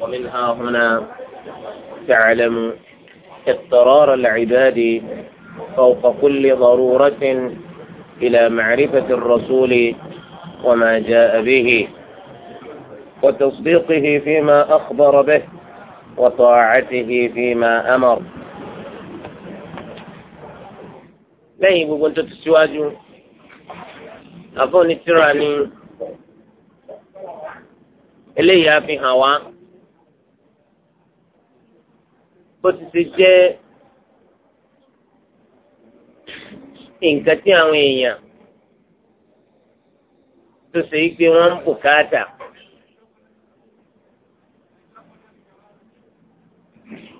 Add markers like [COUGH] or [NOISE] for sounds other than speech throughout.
ومنها هنا تعلم اضطرار العباد فوق كل ضرورة إلى معرفة الرسول وما جاء به وتصديقه فيما أخبر به وطاعته فيما أمر lẹ́yìn gbogbo tó ti síwájú àfọ̀nì tíra ni eléyìí á fi hàn wá bó ti ṣe jẹ́ nǹkan tí àwọn èèyàn tó ṣe é pé wọ́n ń bùkátà.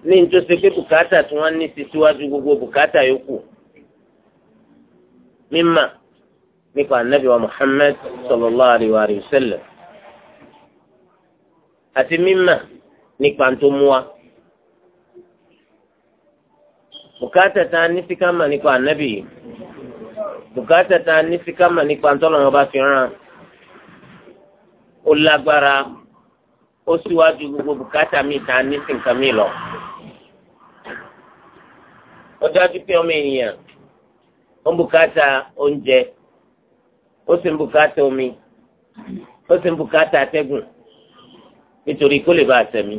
ní nítorí pé bùkátà tí wọ́n ní ti síwájú gbogbo bùkátà yòókù mímà nípa anabi wa muhammed sallallahu alayhi wa sallam àti mímà nípa tó mú wa bùkátà tá a ní sí ká mà nípa anabi yìí bùkátà tá a ní sí ká mà nípa ntọ́lọ́wọ́n bá fi ràn ó lágbára ó síwájú gbogbo bùkátà mi tá a ní sí nǹkan mi lọ ó dájú pé ọmọ ènìyàn. ó ń bùkátà oúnjẹ ó sì ń bùkátà omi ó sì ń bùkátà atẹ́gùn nítorí kó lè bá àtẹ̀mí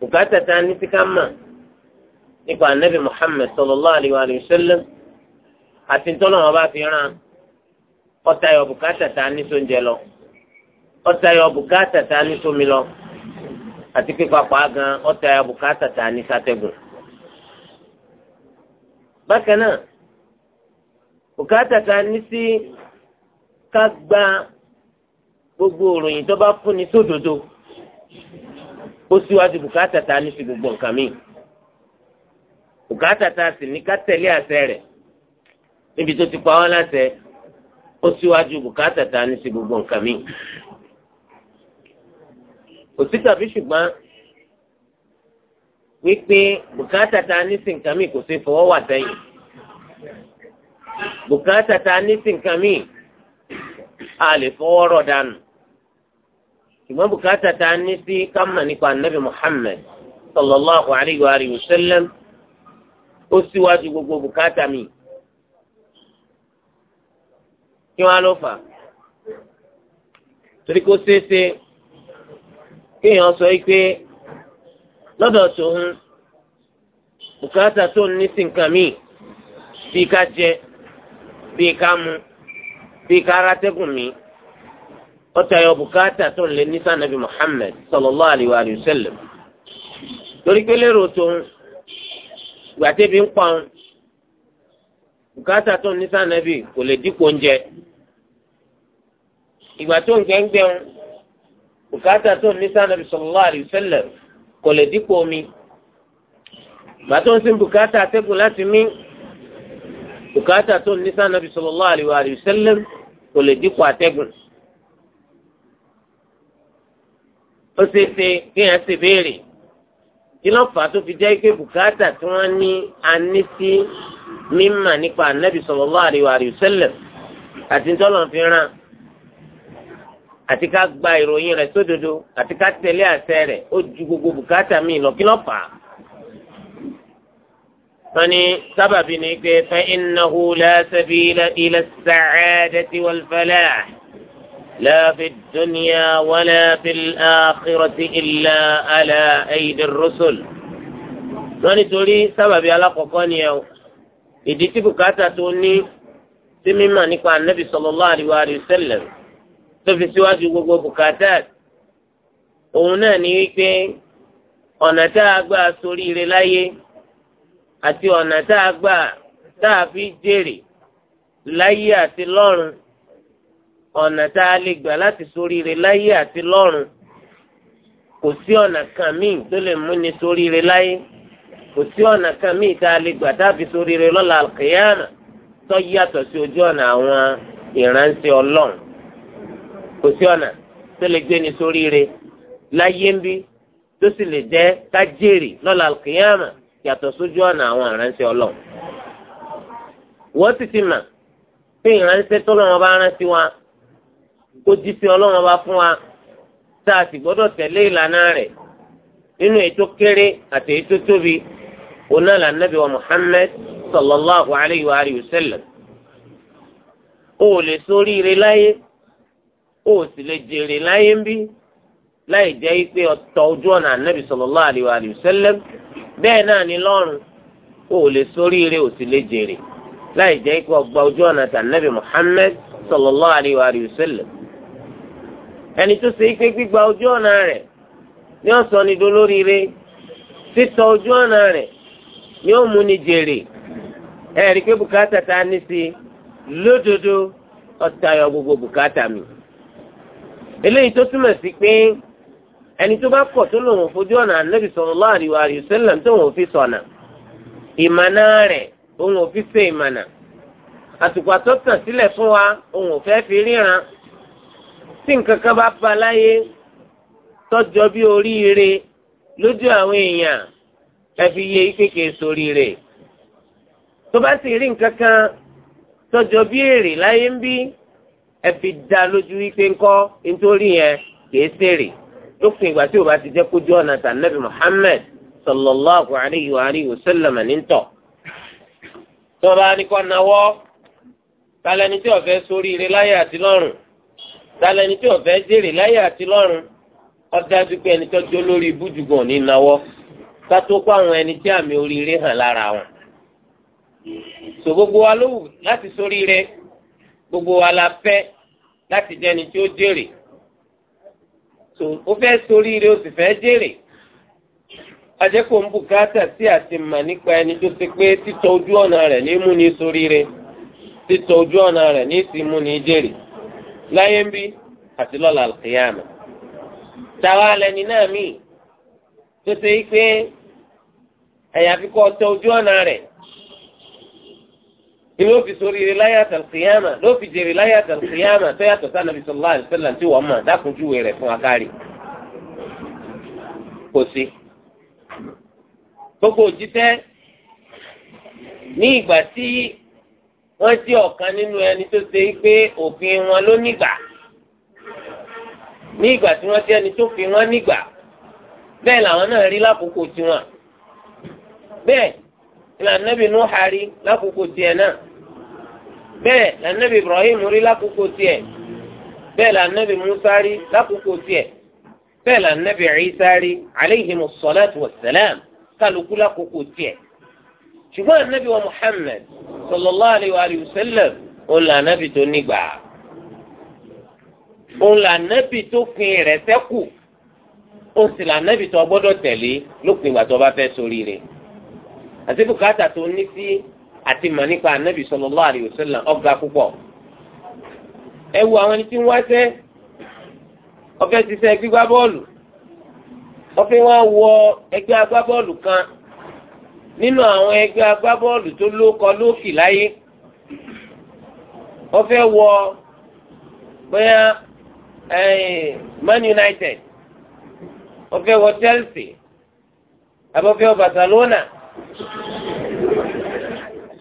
bùkátà ta ní ká nípa anabi Muhammad sallallahu alayhi wa sallam àti ntọ́nà ọba fi ràn ọ̀tá yọ bùkátà tá a lọ ọ̀tá yọ bùkátà tá lọ àti pípa pàá gan ọ̀tá yọ bùkátà ní bákan náà bùkátà ta ní sí ká gba gbogbo òròyìn tó bá fúnni sódodo ó síwájú bùkátà ta ní sí gbogbo nǹkan míì bùkátà ta sì ní ká tẹ̀lé àṣẹ rẹ̀ níbi tó ti pa wọ́n láṣẹ ó síwájú bùkátà ta ní sí gbogbo nǹkan míì kò ṣùgbọ́n wípé bùkátà ta ní sí nǹkan mi kò sí fọwọ́ wà sẹ́yìn bùkátà ta ní sí nǹkan mi a lè fọwọ́ rọ̀ dànù ṣùgbọ́n bùkátà ta ní sí kámà nípa anabi Muhammad sallallahu alayhi wa alihi wa sallam ó síwájú gbogbo bùkátà mi kí wọn á lọ fà torí kó ṣeéṣe kéèyàn sọ yìí lọ́dọ̀ tòun bùkátà tó ní sí nǹkan míì bíi ká mu bíi ká rátẹ́gùn mi ọ̀tayọ bùkátà tó lè ní sànàbí sallallahu alayhi wa sallam torí pé lérò tòun gbàtẹ́bí ń pọ́n bùkátà tó ní sànàbí kò lè dípò oúnjẹ ìgbà tó ń sallallahu alayhi wa kò lè dípò omi bàtà ó sì ń bùkátà atẹ́gùn láti mí bùkátà tó ní sáà nàbì sallallahu alaihi wa sallam kò lè dípò atẹ́gùn. ó ṣeé ṣe kéèyàn ṣe béèrè kí ló fà á tó fi jẹ́ pé bùkátà tí wọ́n ní anísí mímà nípa nàbì sallallahu alaihi wa sallam àti ntọ́lọ́ fi ràn án àti ká gba ìròyìn rẹ̀ sódodo àti ká tẹ̀lé àṣẹ rẹ̀ ó ju gbogbo bùkátà mi lọ kí ló fà á. wọ́n ní sábàbí ni pé fa innahu la sabila ila as-sa'adati wal falah la fi dunya wala fil akhirati illa ala aydir rusul. ní torí sábàbí alákọ̀ọ́kọ́ ni ẹ̀ ìdí tí bùkátà tó ní sí mímọ̀ nípa anabi sallallahu alaihi wa sallam ló fi síwájú gbogbo bùkátà òun náà ní wípé ọ̀nà tá a gbà ṣoríire láyé àti ọ̀nà tá a gbà tá a fi jèrè láyé àti lọ́run ọ̀nà tá a lè gbà láti ṣoríire láyé àti lọ́run kò sí ọ̀nà kan míì tó lè múni ṣoríire láyé kò sí ọ̀nà kan míì tá a lè gbà tá a fi lọ́la àlùkìyàmà tó yàtọ̀ sí ojú ọ̀nà àwọn ìránṣẹ́ ọlọ́run kò sí ọ̀nà tó lè gbé ni sórí re láyé ń bí tó sì lè jẹ́ kájèrè lọ́la kìíyàmà yàtọ̀ sójú ọ̀nà àwọn ìránṣẹ́ ọlọ́run. wọ́n sì ti mà pé ìránṣẹ́ tó lọ́wọ́ bá rántí wa tó jí sí ọlọ́run bá fún wa tá a sì gbọ́dọ̀ tẹ̀lé ìlànà rẹ̀ nínú ètò kéré àti ètò tóbi onáàlà nàbì wa Muhammad sallallahu alayhi wa sallam. o ò lè sórí ire láyé. o sì lè jèrè láyé ń bí láì jẹ́ pé ọ̀tọ̀ ojú ọ̀nà ànábì sallallahu alaihi wa sallam bẹ́ẹ̀ náà ni lọ́run ó lè ṣoríire o sì lè jèrè láì jẹ́ pé ọgbà ojú ọ̀nà tànábì Muhammad sallallahu alaihi wa sallam ẹni tó ṣe pé gbígba ojú ọ̀nà rẹ̀ ni ó sọ ní dolóríire títọ̀ ojú ọ̀nà rẹ̀ ni ó mú ni jèrè ẹ̀rí pé bùkátà ta ní sí lódodo gbogbo bùkátà mi. eléyìí tó túmọ̀ sí pé ẹni tó bá kọ̀ tó lòun fojú ọ̀nà ànábì sallallahu alaihi wasallam tó wọn ò fi sọ̀nà ìmọ̀nà rẹ̀ òun ò fi ṣe ìmọ̀nà àtùpà tó tàn sílẹ̀ fún wa òun ò fẹ́ fi ríran tí nǹkan kan bá ba láyé tọ́jọ́ bí oríire lójú àwọn èèyàn ẹ fi yẹ ìkéke sóríire tó bá sì rí nǹkan kan tọ́jọ́ bí èrè láyé ń bí ẹbí dá lójú wípé ńkọ́ nítorí yẹn kìí sèrè lópin ìgbà tí o bá ti jẹ́ kójú ọ̀nà tà nàbì sallallahu alayhi wa alayhi wa sallam ní tó bá ní kọ́ nawọ́ láyé àti tí fẹ́ láyé àti ẹni tó jó lórí ní nawọ́ kó àwọn ẹni tí àmì oríire hàn lára wọn. sọ gbogbo wa ló wù láti gbogbo wa la fẹ́ láti jẹ́ ẹni tí ó jèrè tó o fẹ́ ṣoríire o sì fẹ́ jèrè ajẹ́kọ̀ọ́ ń bùkátà sí àti mà nípa ẹni tó ṣe pé títọ́ ojú ọ̀nà rẹ̀ ní mú ní ṣoríire títọ́ ojú ọ̀nà rẹ̀ ní sì mú ní jèrè láyé ń bí àti lọ́la àlùkìyàmù tàwa lẹni náà míì tó ṣe pé ẹ̀yà fi kọ́ tọ́ ojú ọ̀nà rẹ̀ ni ló fi sórí rẹ láyé àtàlùkìyàmà ló fi jèrè láyé àtàlùkìyàmà tó yàtọ̀ sí anabi sọlá àlùsọlá tí wọ́n mọ̀ dákunjúwe rẹ̀ fún akárì kò sí. gbogbo òjíṣẹ́ ní ìgbà tí wọ́n jẹ́ ọ̀kan nínú ẹni tó ṣe pé òfin wọn ló nígbà ní ìgbà tí wọ́n jẹ́ ẹni tó fi wọ́n nígbà bẹ́ẹ̀ làwọn náà rí lákòókò tiwọn bẹ́ẹ̀ lànàbì nuhari lákòókò tiẹ̀ náà bẹ́ẹ̀ lànàbì ibrahim rí lákòókò tiẹ̀ bẹ́ẹ̀ lànàbì musa rí lákòókò tiẹ̀ bẹ́ẹ̀ lànàbì isa rí aleyhimu salatu wa salam kálukú lákòókò tiẹ̀ ṣùgbọ́n anabi wa muhammed sallallahu alayhi wa sallam òun là anabi tó nígbà òun là anabi tó fin rẹ̀ sẹ́kù òun sì là anabi tó gbọ́dọ̀ tẹ̀lé lópin ìgbà tó bá fẹ́ ṣoríire àti bùkátà tó ní sí àti mà nípa ànábì sallallahu alaihi wasallam ọ̀gá púpọ̀ ẹ wo àwọn ẹni tí ń wáṣẹ́ ọ̀fẹ́ ṣiṣẹ́ gbígbá bọ́ọ̀lù ọ̀fẹ́ wọn wọ ẹgbẹ́ agbábọ́ọ̀lù kan nínú àwọn ẹgbẹ́ agbábọ́ọ̀lù tó lóko lókì láyé ọ̀fẹ́ wọ bóyá eh, Man United ọ̀fẹ́ wọ Chelsea àbọ̀fẹ́ wọ Barcelona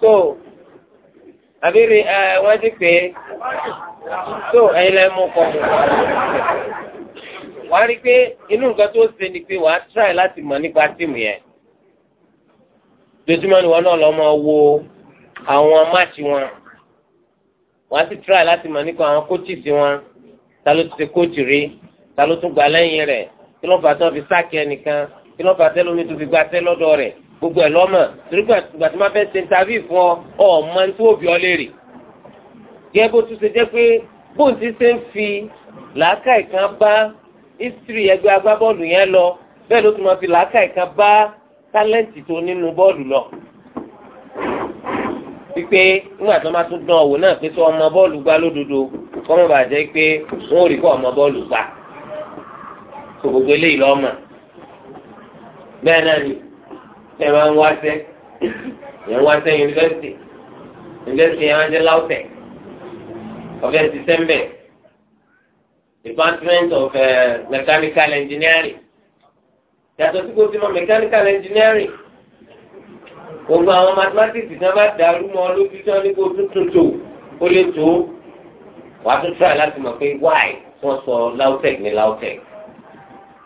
so àbírí ẹ wọ́n ti pè é so ẹ̀yin lẹ́ mú kọ́ wà á rí i pé inú nǹkan tó ṣe ni pé wà á try láti mọ̀ nípa tíìmù yẹn dojúmọ́ ni wọ́n náà lọ́ máa wo àwọn máàcì wọn wà á sì try láti mọ̀ nípa àwọn kóòtìsì wọn ta ló ti ṣe kóòtì rí ta ló tún gbà lẹ́yìn rẹ̀ kí ló fà á tó fi sáàkì ẹnìkan kí ló fà á tẹ́lómi tó fi gbà tẹ́ lọ́dọ̀ rẹ̀ gbogbo ẹ̀ lọ́mọ torí gbàtúgbà tí wọ́n fẹ́ ṣe ntàbí fún ọ ọmọ tó òbí ọ léèrè gẹ́gẹ́ bó tún ṣe jẹ́ pé bóun ti ṣe ń fi làákàyè kan bá history ẹgbẹ́ agbábọ́ọ̀lù yẹn lọ bẹ́ẹ̀ ló tún máa fi làákàyè kan bá tálẹ́ǹtì tó nínú bọ́ọ̀lù lọ wípé nígbà tí wọ́n bá tún dán ọ̀wọ́ náà pé sọ ọmọ bọ́ọ̀lù gbá lódodo kọ́ mọ́ bàjẹ́ pé wọ́n ò rí kọ́ ọmọ bọ́ọ̀lù gbá kò gbogbo eléyìí lọ́mọ bẹ́ẹ̀ náà ni ẹ máa ń wáṣẹ́ ẹ ń wáṣẹ́ yunifásitì yunifásitì yẹn máa ń jẹ́ láwùtẹ̀ ọ̀fẹ́ sísẹ́mbẹ̀ department of uh, mechanical engineering yàtọ̀ sí kó sínú mechanical engineering gbogbo àwọn mathematics náà bá dàrú mọ́ lójú tí wọ́n ní kó tuntun tó ó lè tó wàá tún try láti mọ̀ pé why wọ́n sọ LAUTECH ní LAUTECH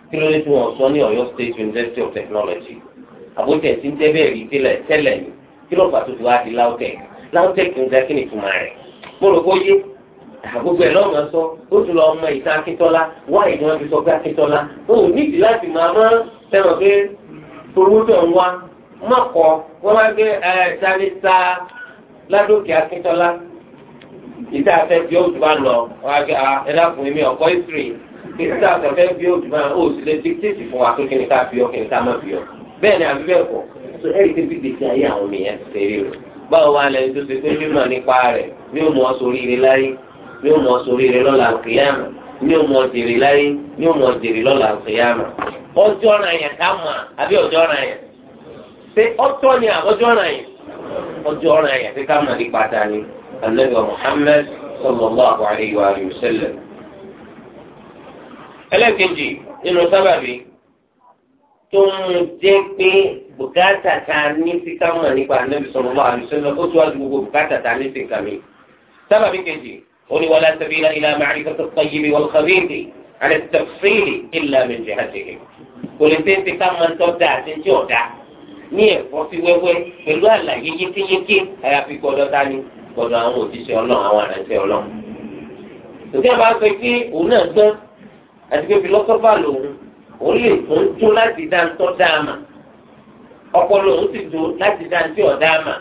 kí ló dé tí wọ́n sọ ní Ọ̀yọ́ State University of Technology àbójẹ tí ń tẹ́lẹ̀ rí tẹ́lẹ̀ tẹ́lẹ̀ ni kí ló fà tó ti wá di lautech lautech ń ga kí ni tuma rẹ̀ mo rò bóyé àgbogbo ẹ̀ lọ́mọ sọ ó tún lọ ọmọ ìta akíntọ́lá wá ìdí wọn fi sọ pé akíntọ́lá ó nídìí láti máa máa fẹ́ràn pé promotion wa má kọ wọ́n wá gbé ẹ̀ sanita ládòkè akíntọ́lá ìta afẹ́ bí ó tún bá lọ wọ́n á gbé ah, ẹ̀ dákun mi ọ̀kọ́ history ìta afẹ́ bí ó tún bá lọ ó sì lè dictate fún wa pé kí ni ká fi ọ kí ni ká má fi ọ bẹ́ẹ̀ ni àbí bẹ́ẹ̀ kọ́ so ẹ̀rí ti fi gbèsè ayé àwọn èèyàn ti ṣeré o báwo wá lẹni tó ṣe pé mímọ̀ nípa rẹ̀ ní òun ọ̀ sórí rẹ̀ láyé ní òun ọ̀ sórí rẹ̀ lọ́la àkèyàmà ní òun ọ̀ jèrè láyé ní òun ọ̀ jèrè lọ́la àkèyàmà ọjọ́ ra yẹn ká mọ̀ àbí ọjọ́ ra yẹn ṣé ọtọ́ ni àbọ̀jọ́ ra yẹn ọjọ́ ra yẹn ṣé ká mọ̀ nípa ta ni anabi Muhammad sallallahu alayhi wa sallam ẹlẹ́kẹ̀jì nínú sábàbí tó mú jẹ́ pé bùkátà ta ní síkà mọ̀ nípa anábì sọ̀rọ̀ lọ́wọ́ àlùsọ́nà ó tún wá ju gbogbo bùkátà ta ní síkà mi. sábàbí kejì ó ní wala sabila ila ma'rifati at-tayyib wal-khabith ala at-tafsil illa min jihatihi. kò lè ṣe é ṣe ká máa tọ́ da àti tí ò da ní ẹ̀fọ́ sí wẹ́wẹ́ pẹ̀lú àlàyé yékéyéké àyàfi gbọ́dọ̀ ta ni gbọ́dọ̀ àwọn òjíṣẹ́ ọlọ́run àwọn àdáṣẹ́ òun lè tún lati láti dá ń tọ́ dá àmà ọpọlọ òun sì tó láti dá ń tí ọ̀dá àmà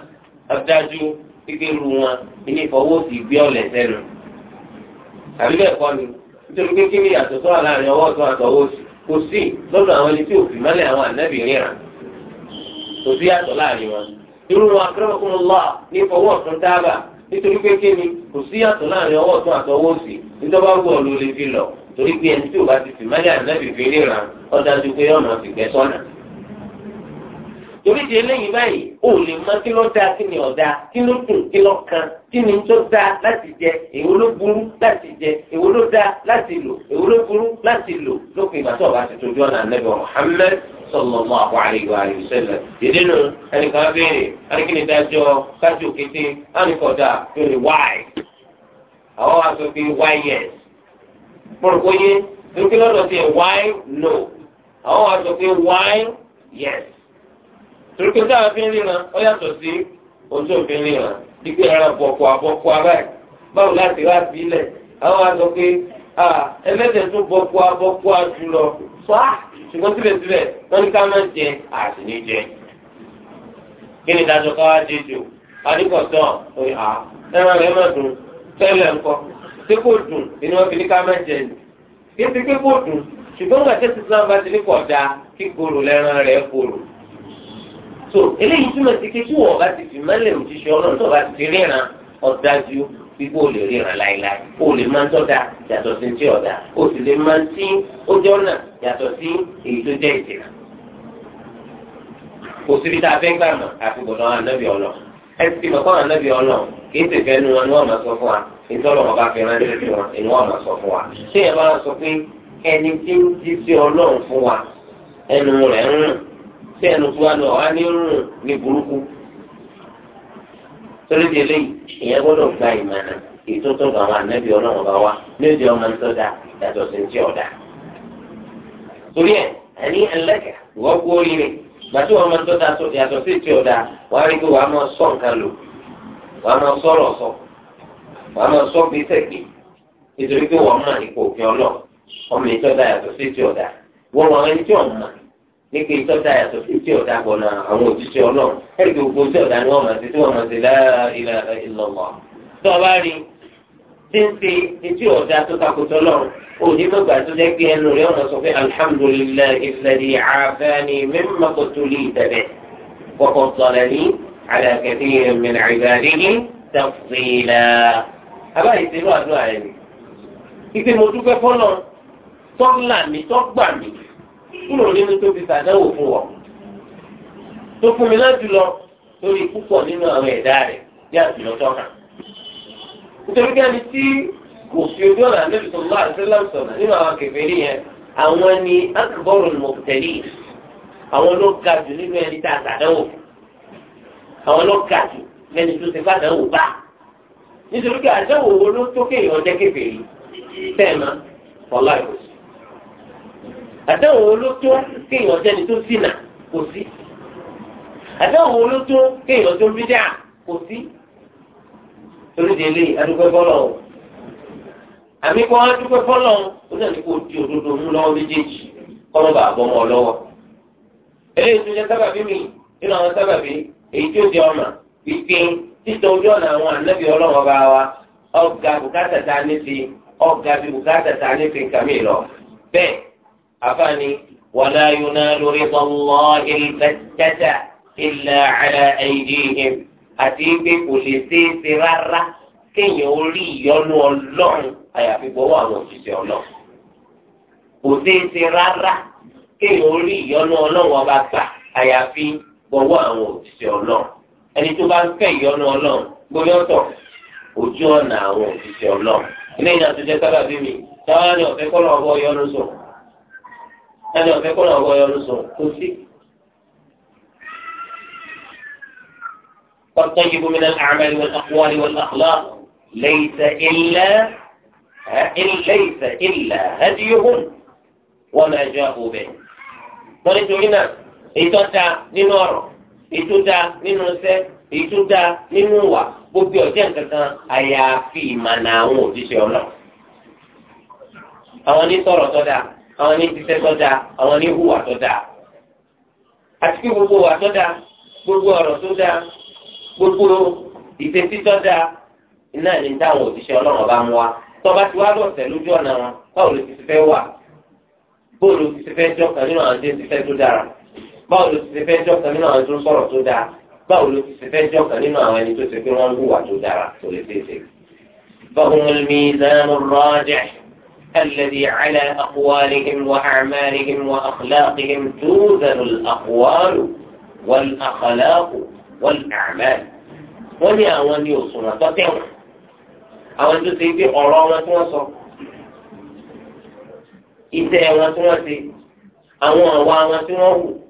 ọ̀dájú gbígbé ru wọn ní ìfọwọ́sí ìgbé ọ̀lẹ̀ sẹ́nu àbí bẹ́ẹ̀ kọ́ ni nítorí pé kí ni yàtọ̀ tó láàrin ọwọ́ tó àtọwọ́ sí kò sí lọ́dọ̀ àwọn ẹni tí òfin mọ́lẹ̀ àwọn ànábì ríran kò sí yàtọ̀ láàrin wọn irú wọn akérèmọ́kúnlọ́ ní ìfọwọ́ ni kò sí yàtọ̀ torí pé ẹni tí o bá ti fi mẹ́lẹ́ ànábì fi ríran pé ọ̀nà fìgbẹ́ torí ti eléyìí báyìí o lè mọ kí ló dáa ni ọ̀dà kí ló kan kí ni tó dáa láti jẹ èwo ló burú láti jẹ èwo ló dáa láti lò èwo ló burú láti lò lópin ìgbà tó o bá ti tójú ọ̀nà ànábì Muhammad sallallahu alayhi wa sallam dídí ẹnìkan kété kpọ̀rọ̀kọ́ yé lókè lọ́dọ̀ sí why no àwọn wà sọ pé why yes torókè táwọn fi ń na ó yàtọ̀ sí ojú òfin ríran dípé ẹran bọ̀kọ̀ àbọ̀kọ̀ abáyé báwo láti wá sí ilẹ̀ àwọn wà sọ pé ẹlẹ́dẹ̀ tún bọ̀kọ̀ àbọ̀kọ̀ àjùlọ fà ṣùgbọ́n síbẹ̀síbẹ̀ wọ́n ní ká má jẹ àti ní jẹ kí ni ìdájọ́ ká wá jẹ jù adíkọ̀tọ̀ rẹ̀ má dùn tẹ́lẹ̀ ńkọ́. ṣé kò dùn inú wọn fi ní ká má jẹ ní kí n ti ké kò dùn ṣùgbọ́n nígbà tí islam bá ti ní kọ̀ da kí koro lẹ́ran rẹ̀ koro so eléyìí túmọ̀ sí ké tí wọ́n bá ti fi mẹ́lẹ̀ òjíṣẹ́ ọlọ́run tó bá ti ríran ọ̀dájú wípé o lè ríran láéláé o lè máa ń tọ́da yàtọ̀ sí ti ọ̀dà o sì lè máa ń tí ó jọ́nà yàtọ̀ sí èyí tó jẹ́ ìjìnà kò síbi tá a fẹ́ gbà mọ̀ àfi gbọ̀dọ̀ ànábì ọlọ́ ẹ ti mọ̀ fún ànábì ọlọ́ kì í sì fẹ́ nu wọn ìtọ́lọ̀ ọba fi ránṣẹ́ sí wọn ni wọ́n máa sọ fún wa. ṣé ẹ máa sọ pé ẹni tí ń jí sí ọlọ́run fún wa ẹnu rẹ̀ ń rùn ṣé ẹnu fún wa ni ọ̀hán ní rùn ní burúkú. torí di eléyìí ìyẹn gbọ́dọ̀ gba ìmọ̀nà ìtótó àwọn ànábì ọlọ́run bá wa ní ojú ọmọ tó dáa yàtọ̀ sí ti ọ̀dà. torí ẹ ẹni ẹlẹ́kẹ̀ wọ́n kú oríire gbàtí wọn máa ń tọ́ta yàtọ̀ sí ti ọ̀dà wàá rí pé wàá máa sọ wàá máa sọ pé sẹ́gbẹ̀ nítorí pé wọ́n mọ̀ nípa òfin ọlọ́ ọmọ ìtọ́ da yàtọ̀ sí ti ọ̀dà wọ́n wọ́n ẹni tí ò mọ̀ nípa ìtọ́ da yàtọ̀ sí ti ọ̀dà gbọ̀nà àwọn òjíṣẹ́ ọlọ́ ẹ̀rí gbogbo tí ọ̀dà ni wọ́n máa ti tí wọ́n máa ti láàrínlá ìlọ́wọ́ tó o bá rí tí ń fi etí ọ̀dà tó takòtò lọ òní gbogbo àtúnṣe pé ẹnu rẹ ọ̀nà sọ pé alhamdulillahi alladhi abáyé ti inú àdúrà yẹn ni ìpè mo dúpẹ́ fọ́nà tọ́là mi tọ́gbà mi kúrò nínú tó fi sàdánwò fún wọn tó fún mi láti lọ lórí púpọ̀ nínú àwọn ẹ̀dá rẹ̀ ní àtúnyọ tọ́ka nítorí kí ẹni tí kò fi ojú ọ̀nà àdébí tó lọ́wọ́ àdébílá sọ̀nà nínú àwọn kèfèrí yẹn àwọn ni akbọ̀rọ̀ mọ̀tẹ́lì àwọn ló ga jù nínú ẹni tá a sàdánwò fún àwọn ló ga jù lẹ́ni tó ti fàdánwò báà. nítorí pé àdéhùn owó ló tó kéèyàn jẹ́ kébèrè tẹ́ẹ̀mà ọ̀la ìwòsàn àdéhùn owó ló tó kéèyàn jẹ́ni tó ṣìnà kò sí àdéhùn owó ló tó kéèyàn tó bídà kò sí torí délé adúgbò o àmì o náà ní kó di òdodo mú lọ́wọ́ méjèèjì kọ́mọ́ bàá bọ́ mọ́ lọ́wọ́ eléyìí tó jẹ́ sábàbí mi nínú àwọn sábàbí èyí tó jẹ ọmọ wípé títọ ojú ọ̀nà àwọn ànábì ọlọ́wọ́ bá wa ọ̀gá bùkátà tá a ní fi ọ̀gá bí bùkátà tá a ní fi kàmí lọ. bẹ́ẹ̀ àfààní wàlá yuná lórí ọlọ́ ìlẹ́tẹ́tà ìlà àlà ẹ̀yìn àti pé kò lè ṣeéṣe rárá kéèyàn ó rí ọlọ́run àyàfi gbọ́wọ́ àwọn òṣìṣẹ́ ọlọ́run kò ṣeéṣe rárá kéèyàn ó rí ọlọ́run ọba gbà àyàfi gbọ́wọ́ àwọn òṣìṣẹ́ ọlọ́run ẹni tó bá ń fẹ́ ìyọnu ọlọ́run gbóyọ̀tọ̀ ojú ọ̀nà àwọn òṣìṣẹ́ ọlọ́run ilé ìyá tó jẹ́ sábà bí mi táwọn ni ọ̀fẹ́ kọ́ lọ́wọ́ yọnu sùn ẹni ọ̀fẹ́ kọ́ lọ́wọ́ yọnu sùn kò sí. والطيب من الأعمال والأقوال والأخلاق ليس إلا إن ليس إلا هديهم وما جاءوا به. ونتمنى إن تنتهى لنور ètò dáa nínú iṣẹ́ ètò dáa nínú ìwà gbogbo ọ̀jẹ̀ nke àyàfi ìmànà àwọn òṣìṣẹ́ ọ̀nà. àwọn ní sọ̀rọ̀ tó àwọn ní ṣiṣẹ́ tó àwọn ní hùwà gbogbo wà gbogbo gbogbo iná ní táwọn òṣìṣẹ́ bá mú wa tọba tí wàá lójú ọ̀nà wọn báwo ló ti fẹ́ wà bóòlù ti fẹ́ nínú báwo ló ti ṣe fẹ́ jọ́kan nínú àwọn tó ń sọ̀rọ̀ tó dáa báwo ló ti ṣe fẹ́ jọ́kan nínú àwọn ẹni tó ṣe pé wọ́n ń hùwà tó dára tó lè ṣe é ṣe. فهم الميزان الراجح الذي على أقوالهم وأعمالهم وأخلاقهم توزن الأقوال والأخلاق والأعمال wọ́n wọ́n Wọ́n ní àwọn ní òṣùwọ̀n wọn. àwọn tó ti di ọ̀rọ̀ wọn tí wọ́n sọ iṣẹ́ wọn tí wọ́n ti won so ite àwa wọn tí wọ́n won wu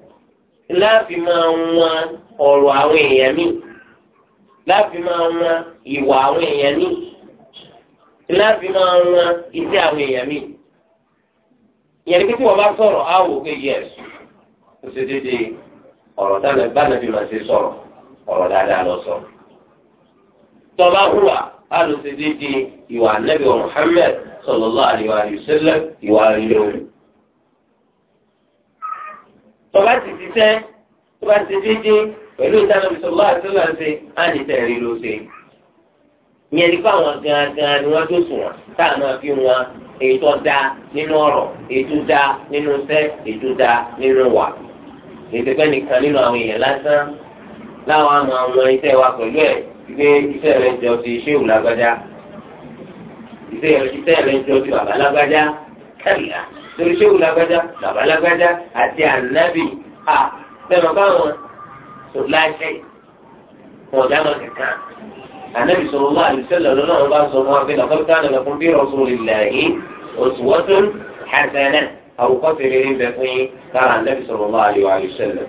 láàfi máa wọn ọ̀rọ̀ àwọn èèyàn míì láàfi máa wọn ìwà àwọn èèyàn míì láàfi máa wọn iṣẹ́ àwọn èèyàn míì ìyẹn ní pé tí wọ́n bá sọ̀rọ̀ á wò pé yẹs ó ṣe déédéé ọ̀rọ̀ dáná bánàbí máa ṣe sọ̀rọ̀ ọ̀rọ̀ dáadáa lọ sọ. tọ́ba hùwà á lọ ṣe déédéé ìwà ànábì Muhammad sallallahu alaihi wa sallam ìwà rírẹ́ òun tọba ti ti sẹ́ tọba ti dédé pẹ̀lú ìtànà bisalòlá àtúnlá ṣe á ní tẹ̀rí ló ṣe. ìyẹn ní fáwọn gangan ni wọ́n tó sùn wọn táà máa fi wọn ètò da nínú ọ̀rọ̀ ètò da nínú sẹ́ ètò da nínú wà. ìdẹ́gbẹ́ nìkan nínú àwọn èèyàn lásán láwọn àmọ́ àwọn iṣẹ́ wa pẹ̀lú ẹ̀ gbé iṣẹ́ rẹ̀ jọ ti ṣéwù lágbájá iṣẹ́ rẹ̀ jọ ti bàbá lágbájá kárìá. torí ṣé wù lágbájá bàbá lágbájá àti ànábì à bẹ́ẹ̀ wọn sọ láṣẹ wọn ọ̀dà náà kankan ànábì sọ̀rọ̀ wá àlùsẹ́lẹ̀ lọ́nà wọn bá sọ wọn àfihàn kọ́ńtà nàlẹ́ fún bí rọ̀sùn ìlàyé wọ́tún hasanà àwòkọ́ ti rí bẹ́ẹ̀ fún yín kára ànábì sọ̀rọ̀ wá àlùsẹ́lẹ̀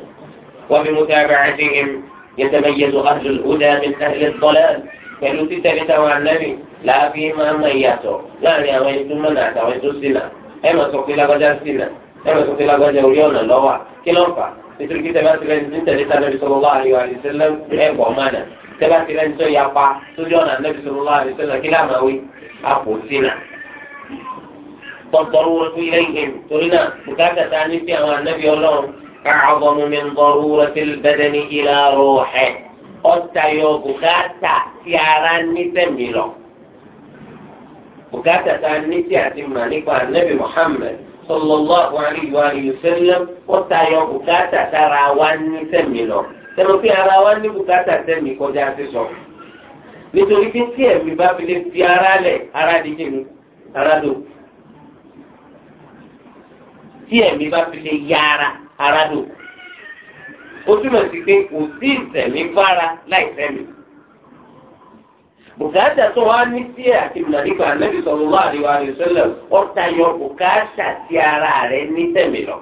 wọ́n fi mú يتميز أهل الهدى من أهل الضلال pẹ̀lú títẹ̀lé táwọn anábì láàbí máa ń mọ ìyàtọ̀ láàrin àwọn ẹni tó mọ̀nà àtàwọn ẹni tó ṣìnà ẹ máa sọ pé lágbájá sí náà ẹ máa sọ pé lágbájá orí ọ̀nà lọ́wọ́ kí ló ń fà nítorí pé tẹ́lá tẹ́lá ní tẹ̀lé tá nàbí sallallahu alaihi wasallam ẹ̀ pọ̀ máa nà tẹ́lá tẹ́lá ní tó ya pa sójú ọ̀nà nàbí sallallahu alaihi wasallam kí láàmà wí àpò sí nà. ضرورة إليهم ترنا بكاتا تاني في أمام النبي الله أعظم من ضرورة البدن إلى روحه ọ̀tayọ̀ bùkátà tí ara ní sẹ́mi lọ bùkátà tá a ní tí a ti mà nípa anabi muhammed sallallahu alayhi wa sallam ó tayọ bùkátà tára wa ní sẹ́mi lọ sẹ́mi pé ara wa ní bùkátà sẹ́mi kọjá sí sọ nítorí pé tí ẹ̀mí bá fi lè fi ara lẹ̀ ara díje nu ara dò tí ẹ̀mí bá fi lè yára ara dò ó túmọ̀ sí pé kò sí ìsẹ̀mí fara láì sẹ́mi bùkátà tó wá ní sí ẹ àti ìbùnàdínkù ànábì sallallahu alaihi wasallam ọ̀tá yọ bùkátà sí ara rẹ ní tẹ̀mí lọ.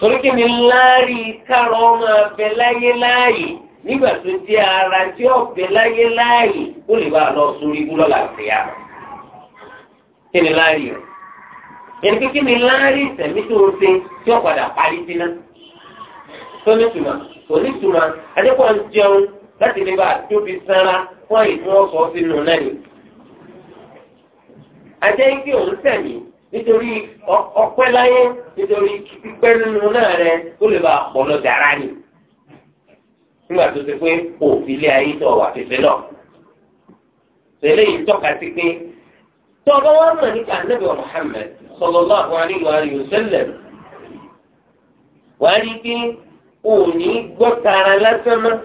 torí kí ni láàrí kárọ̀ ọmọ abẹ láyé láàyè nígbà tó di ara tí ọ̀bẹ láyé láàyè ó lè bá a lọ sórí ibú lọ́la sí i kí ni láàrí rẹ? yẹn kí kí ni láàrí ìsẹ̀mí tó ń ṣe tí ó padà parí sí náà? tó ní tùmọ̀ adékòó ń jẹun láti lè bá a tóbi sára kọ́ ìfowópamọ́ sínú náà ni. ajẹ́ igi òun tẹ̀mí nítorí ọpẹ́ láyé nítorí pípẹ́ nínú náà rẹ kó lè bá ọpọlọ dára ni. nígbà tó ti pé òfin ilé ayé tó wà fífẹ́ náà. tẹ̀lé yìí tọ́ka sí pé tó ọba wọn mọ̀ nípa ànábì wa Muhammad sallallahu alaihi wa alihi wasallam wàá rí i pé òní gbọ́ tara lásán náà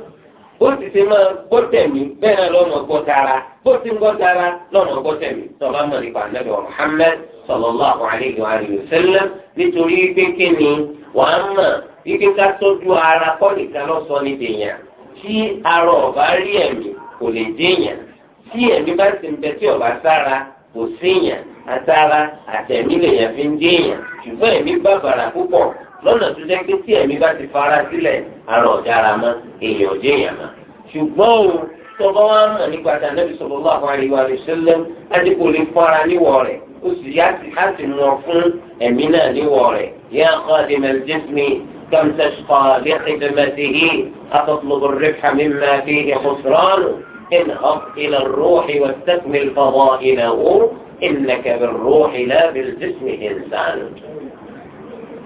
bó ti ṣe máa gbọ́ tẹ̀mí bẹ́ẹ̀ náà lọ́mọ gbọ́ tara bó ti ń gbọ́ tara lọ́mọ gbọ́ tẹ̀mí tọ́ba mọ̀ nípa ànábì wa Muhammad sallallahu alayhi wa sallam nítorí pé kí ni wàá mọ̀ ike ká tọ́jú ara kọ́ nìkan lọ́sọ ní dèèyàn tí arọ ọ̀bá rí ẹ̀mí kò lè dèèyàn tí ẹ̀mí bá ti ń bẹ tí ọ̀bá sára kò séèyàn àtara àtẹ̀mí lèèyàn fi ń dèèyàn ṣùgbọ́n ẹ̀mí bàbàrà púpọ̀ lọ́nà tó jẹ́ pé tí ẹ̀mí bá ti fara sílẹ̀ ara ọ̀dára mọ́ èèyàn ò jẹ́yàn mọ́ ṣùgbọ́n o tó bá wá mọ̀ nípa tí anábì sallallahu alaihi wa sallam láti kò lè fara níwọ̀ rẹ̀ ó sì yá sí láti mọ̀ fún ẹ̀mí náà níwọ̀ rẹ̀ yẹ́n qadim al-jismi كم تشقى بخدمته أتطلب الربح مما فيه خسرانه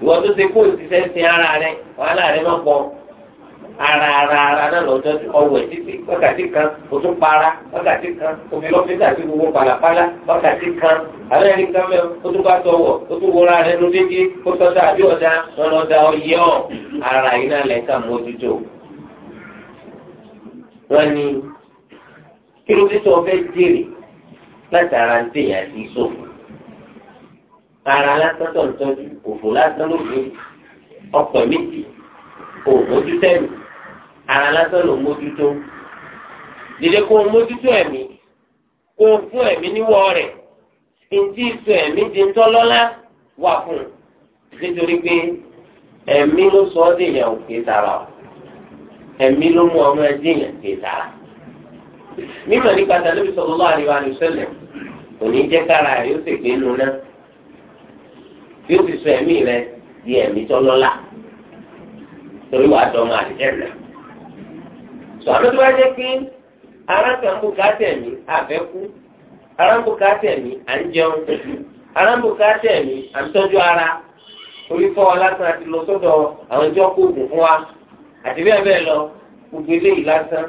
ìwọ tó ṣe kó òṣìṣẹ́ sin ara rẹ wàhálà rẹ má pọ̀ ara ara ara náà lọ́jọ́ ọwọ́ ẹ̀ títí wákàtí kan oṣù para wákàtí kan omi lọ́fíìsì àti gbogbo pàlàpàlà wákàtí kan àbẹ́rẹ́ ní kámẹ́ o tún bá tọwọ̀ o tún wọra rẹ nu dédé o tọ́ta àbí ọ̀dà ọ̀nàdà ọ̀yẹ́ ọ̀ ara yìí náà lẹ́ka mójútó. wọ́n ní kí ló dé tó ọ fẹ́ jèrè láti ara ń tèèyàn sí sófin ara lásán tó ń tọ́jú òfò lásán ló gbé ọkọ̀ méjì òmójú tẹ́lu ara lásán ló mójútó dídé kó o mójútó ẹ̀mí kó o fún ẹ̀mí níwọ̀ rẹ̀ ntí sọ ẹ̀mí di ńtọ́lọ́lá wà fún nítorí pé ẹ̀mí ló sọ ọ́ dèèyàn òkè sára o ẹ̀mí ló mú ọmọ ẹ dèèyàn òkè sára mímọ̀ nípa tàbí sọ̀rọ̀ lọ́wọ́ àríwá àríwá sẹ́lẹ̀ kò ní jẹ́ kára rẹ̀ ó sì gbé nu yóò ti sọ ẹ̀mí rẹ di ẹ̀mí tọ́lọ́lá torí wàá dọ́mọ àdìjẹ́nà. sọ àmì tó bá jẹ́ pé arákùnkù kátẹ̀mí àfẹ́kù arákùnkù kátẹ̀mí à ń jẹun arákùnkù kátẹ̀mí à ń tọ́jú ara orí fọ́ wa àti lọ sọ́dọ̀ àwọn ìjọ kó oògùn fún wa àti bẹ́ẹ̀ bẹ́ẹ̀ lọ gbogbo eléyìí lásán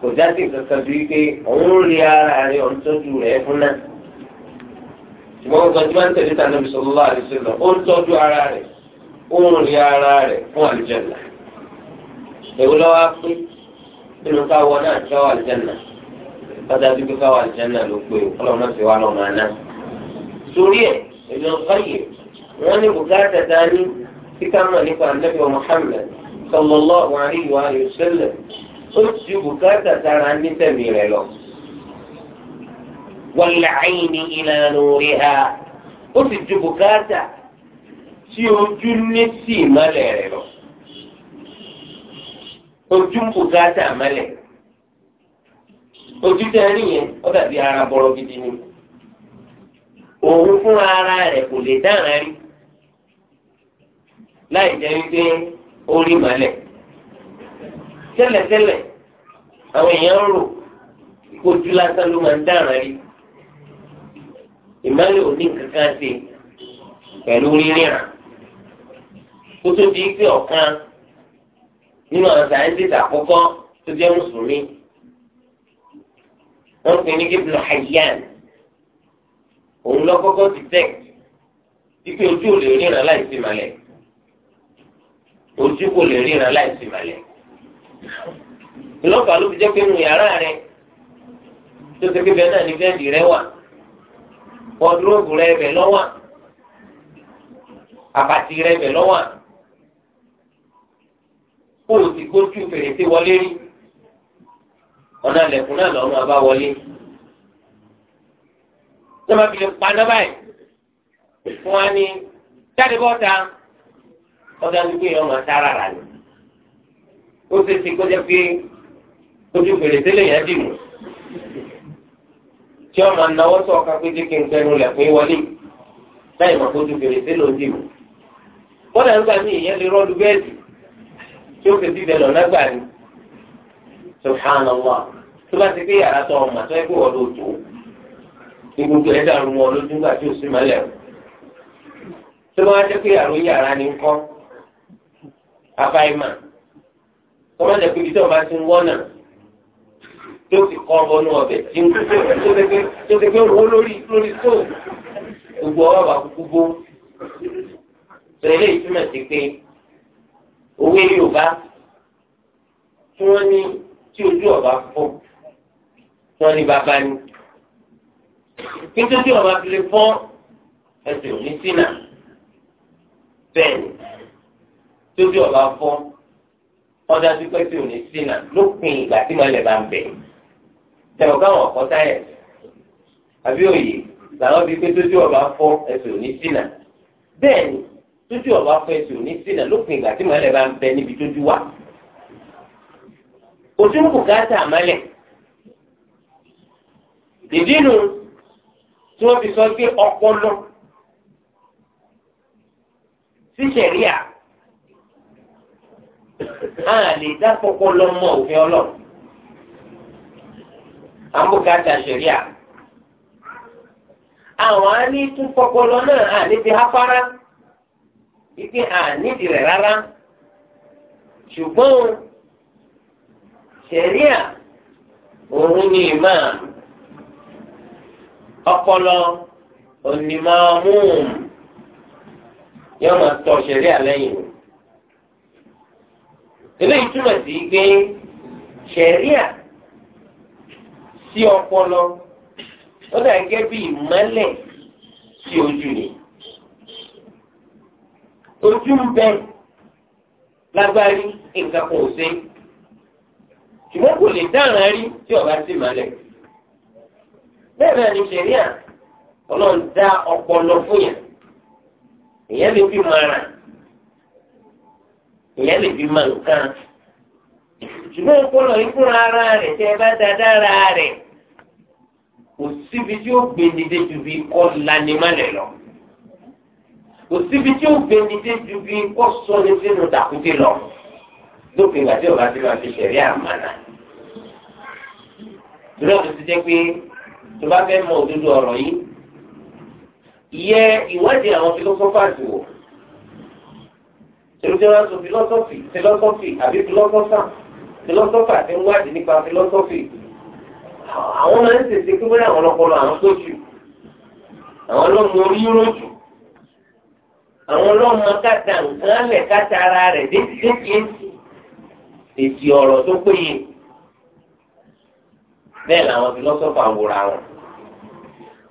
kò já sí nǹkan kan bíi pé òun ń rí ara rẹ̀ ọ̀ń tọ́jú rẹ̀ fún náà ṣùgbọ́n nǹkan tí wọ́n ń tẹ̀lé tànàbí sallallahu alaihi wasallam ó ń tọ́jú ara rẹ̀ ó ń rí ara rẹ̀ fún àlùjànnà èwo lọ́wọ́ á pín nínú káwọ́ náà tí wọ́n wà àlùjànnà bàtà dúdú káwọ́ àlùjànnà ló pé ọlọ́run náà fi wá lọ́ọ́ máa ná. torí ẹ̀ èmi ọ̀kọ́ wọ́n ní bùkátà dání tí ká mọ̀ nípa ànábì Muhammad sallallahu alaihi wa sallam ó ti bùkátà tara ní tẹ̀mí rẹ̀ lọ wàlàáyìní ìlànà orí ha ó sì ju bùkátà tí ojú ní sí ìmọ̀lẹ̀ rẹ̀ lọ. ojú bùkátà mọ́lẹ̀ ojú tẹ ẹ nìyẹn ó dàbí ara bọ̀rọ̀ gidi ni òun fún ara rẹ̀ kò lè dára rí láì jẹ́ wípé ó rí mọ́lẹ̀ tẹ́lẹ̀tẹ́lẹ̀ àwọn èèyàn rò ìkojú lásán ló máa ń dára rí ìmọ̀lẹ̀ òní kankan ṣe pẹ̀lú rírìnà kó tó di pé ọ̀kan nínú àwọn sáyẹ́ńtìsì àkọ́kọ́ tó jẹ́ mùsùlùmí wọ́n pè ní Ibn Hayyan òun lọ́kọ́kọ́ ti tẹ̀ ipe ojú ò lè ríran láìsí màlẹ̀ ojú kò lè ríran láìsí màlẹ̀ ìlọ́pàá ló fi jẹ́ pé nù yàrá rẹ̀ tó ṣe pé bẹ́ẹ̀ náà ní bẹ́ẹ̀dì rẹ̀ wà wọdúróòbù rẹ bẹ̀ lọ́wọ́ àbàtì rẹ bẹ̀ lọ́wọ́ kó o ti gbójú fèrèsé wọlé rí ọ̀nà àlẹ̀kùn náà lọ́nà àbá wọlé lọ́ba fi lè paná báyìí fún wa ní jáde bọ́ta ọ̀dà wípé èèyàn máa sára rà ní ó ṣe ti kó jẹ́ pé ojú fèrèsé lèèyàn dì mú tí ọmọ anáwó sọ ọ̀ka pété kí n tẹnu lẹ̀ pé wọlé láì mọ̀ kó ju fèrèsé ló dì mí. bọ́dà ń gbà mí ìyẹn lè rọ́ọ̀dù bẹ́ẹ̀dì tí ó fèsì bẹ̀ lọ́nà gbà subhanallah tó bá ti gbé yàrá tó ọmọ tó ẹgbẹ́ wọ́n ló tó ní gbogbo ẹ̀dá rú wọn lójú gbà tí ó sì máa lẹ̀ tó bá jẹ́ pé àrùn yàrá ni ń kọ́ abáyé mà tó bá jẹ́ pé ibi tí ọba ti ń wọ́n náà tí ó ti kọ́ ọbọnú ọbẹ̀ tí ń kú tó ṣe pé wo lórí lórí tó gbogbo ọwọ́ bá kúkú bó. sọ eléyìí sí pé òwe Yorùbá tí wọ́n ní tí ojú ọba fọ́ tí wọ́n ní bàbá ní. kí tó tí ọba fi lè fọ́ ẹsẹ̀ òní sínà bẹ́ẹ̀ ni tójú ọba fọ́ ọdá sí pẹ́sì òní sínà lópin ìgbà tí màá lè bá ń bẹ̀ẹ́ tẹ̀wọ́ káwọn ọ̀kọ́ sáyẹ̀nsì àbí òye làwọn bíi pé tójú ọba fọ ẹsẹ̀ òní sínà bẹ́ẹ̀ ni tójú ọba fọ ẹsẹ̀ òní sínà lópin ìgbà tí màálẹ̀ bá ń bẹ níbi tójú wà ojú ń bùkátà àmàlẹ̀ ìdínú tí wọ́n fi sọ pé ọpọlọ síṣẹ̀ríà a lè dá pọpọlọ mọ́ òfin ọlọ́run àmúkàtà ṣẹ̀ríà àwọn á ní tún pọpọlọ náà à níbi afárá ike à níbi rẹ̀ rárá ṣùgbọ́n ṣẹ̀ríà òun ni ìmáà ọpọlọ onímọ̀ọ́mùn yóò máa tọ́ ṣẹ̀ríà lẹ́yìn eléyìí túmọ̀ sí pé ṣẹ̀ríà sí ọpọlọ ó dà gẹ́gẹ́ bí ìmọ́lẹ̀ sí ojú rẹ̀ ojú ń bẹ lágbárí nǹkan kò sí ṣùgbọ́n kò lè dáràn rí tí ọba sì mọ́lẹ̀ bẹ́ẹ̀ náà ni ṣẹ̀ríà ọlọ́run dá ọpọlọ fún yẹn èèyàn lè fi mọ ara èèyàn lè fi mọ nǹkan ṣùgbọ́n ìkọlọ̀ ìkúra ara rẹ̀ tẹ́ ẹ bá da dára rẹ̀ kò síbi tí ó gbé nídé ju bí kọ́ lanimálẹ̀ lọ kò síbi tí ó gbé nídé ju bí kọ́ sọ́ni sínú dàkúté lọ lópin ìgbà tí ọba ti máa fi ṣẹ̀rí àmàlà ìrọ̀ tó ti jẹ́ pé tó bá fẹ́ mọ òdodo ọ̀rọ̀ yìí yẹ ìwádìí àwọn fílọ́sọ́fàsì wò tẹ̀lé tí wọ́n á sọ fílọ́sọ́fì fílọ́sọ́fì àbí fílọ́sọ́fà philosopher ti ń wádìí nípa philosophy àwọn máa ń tètè pé wọ́n àwọn ọpọlọ àwọn tó jù àwọn ọlọ́mọ orí ròjù àwọn ọlọ́mọ kàtà nǹkan lẹ̀ kàtà ara rẹ̀ dékèké èsì ọ̀rọ̀ tó péye bẹ́ẹ̀ làwọn philosopher wòra wọn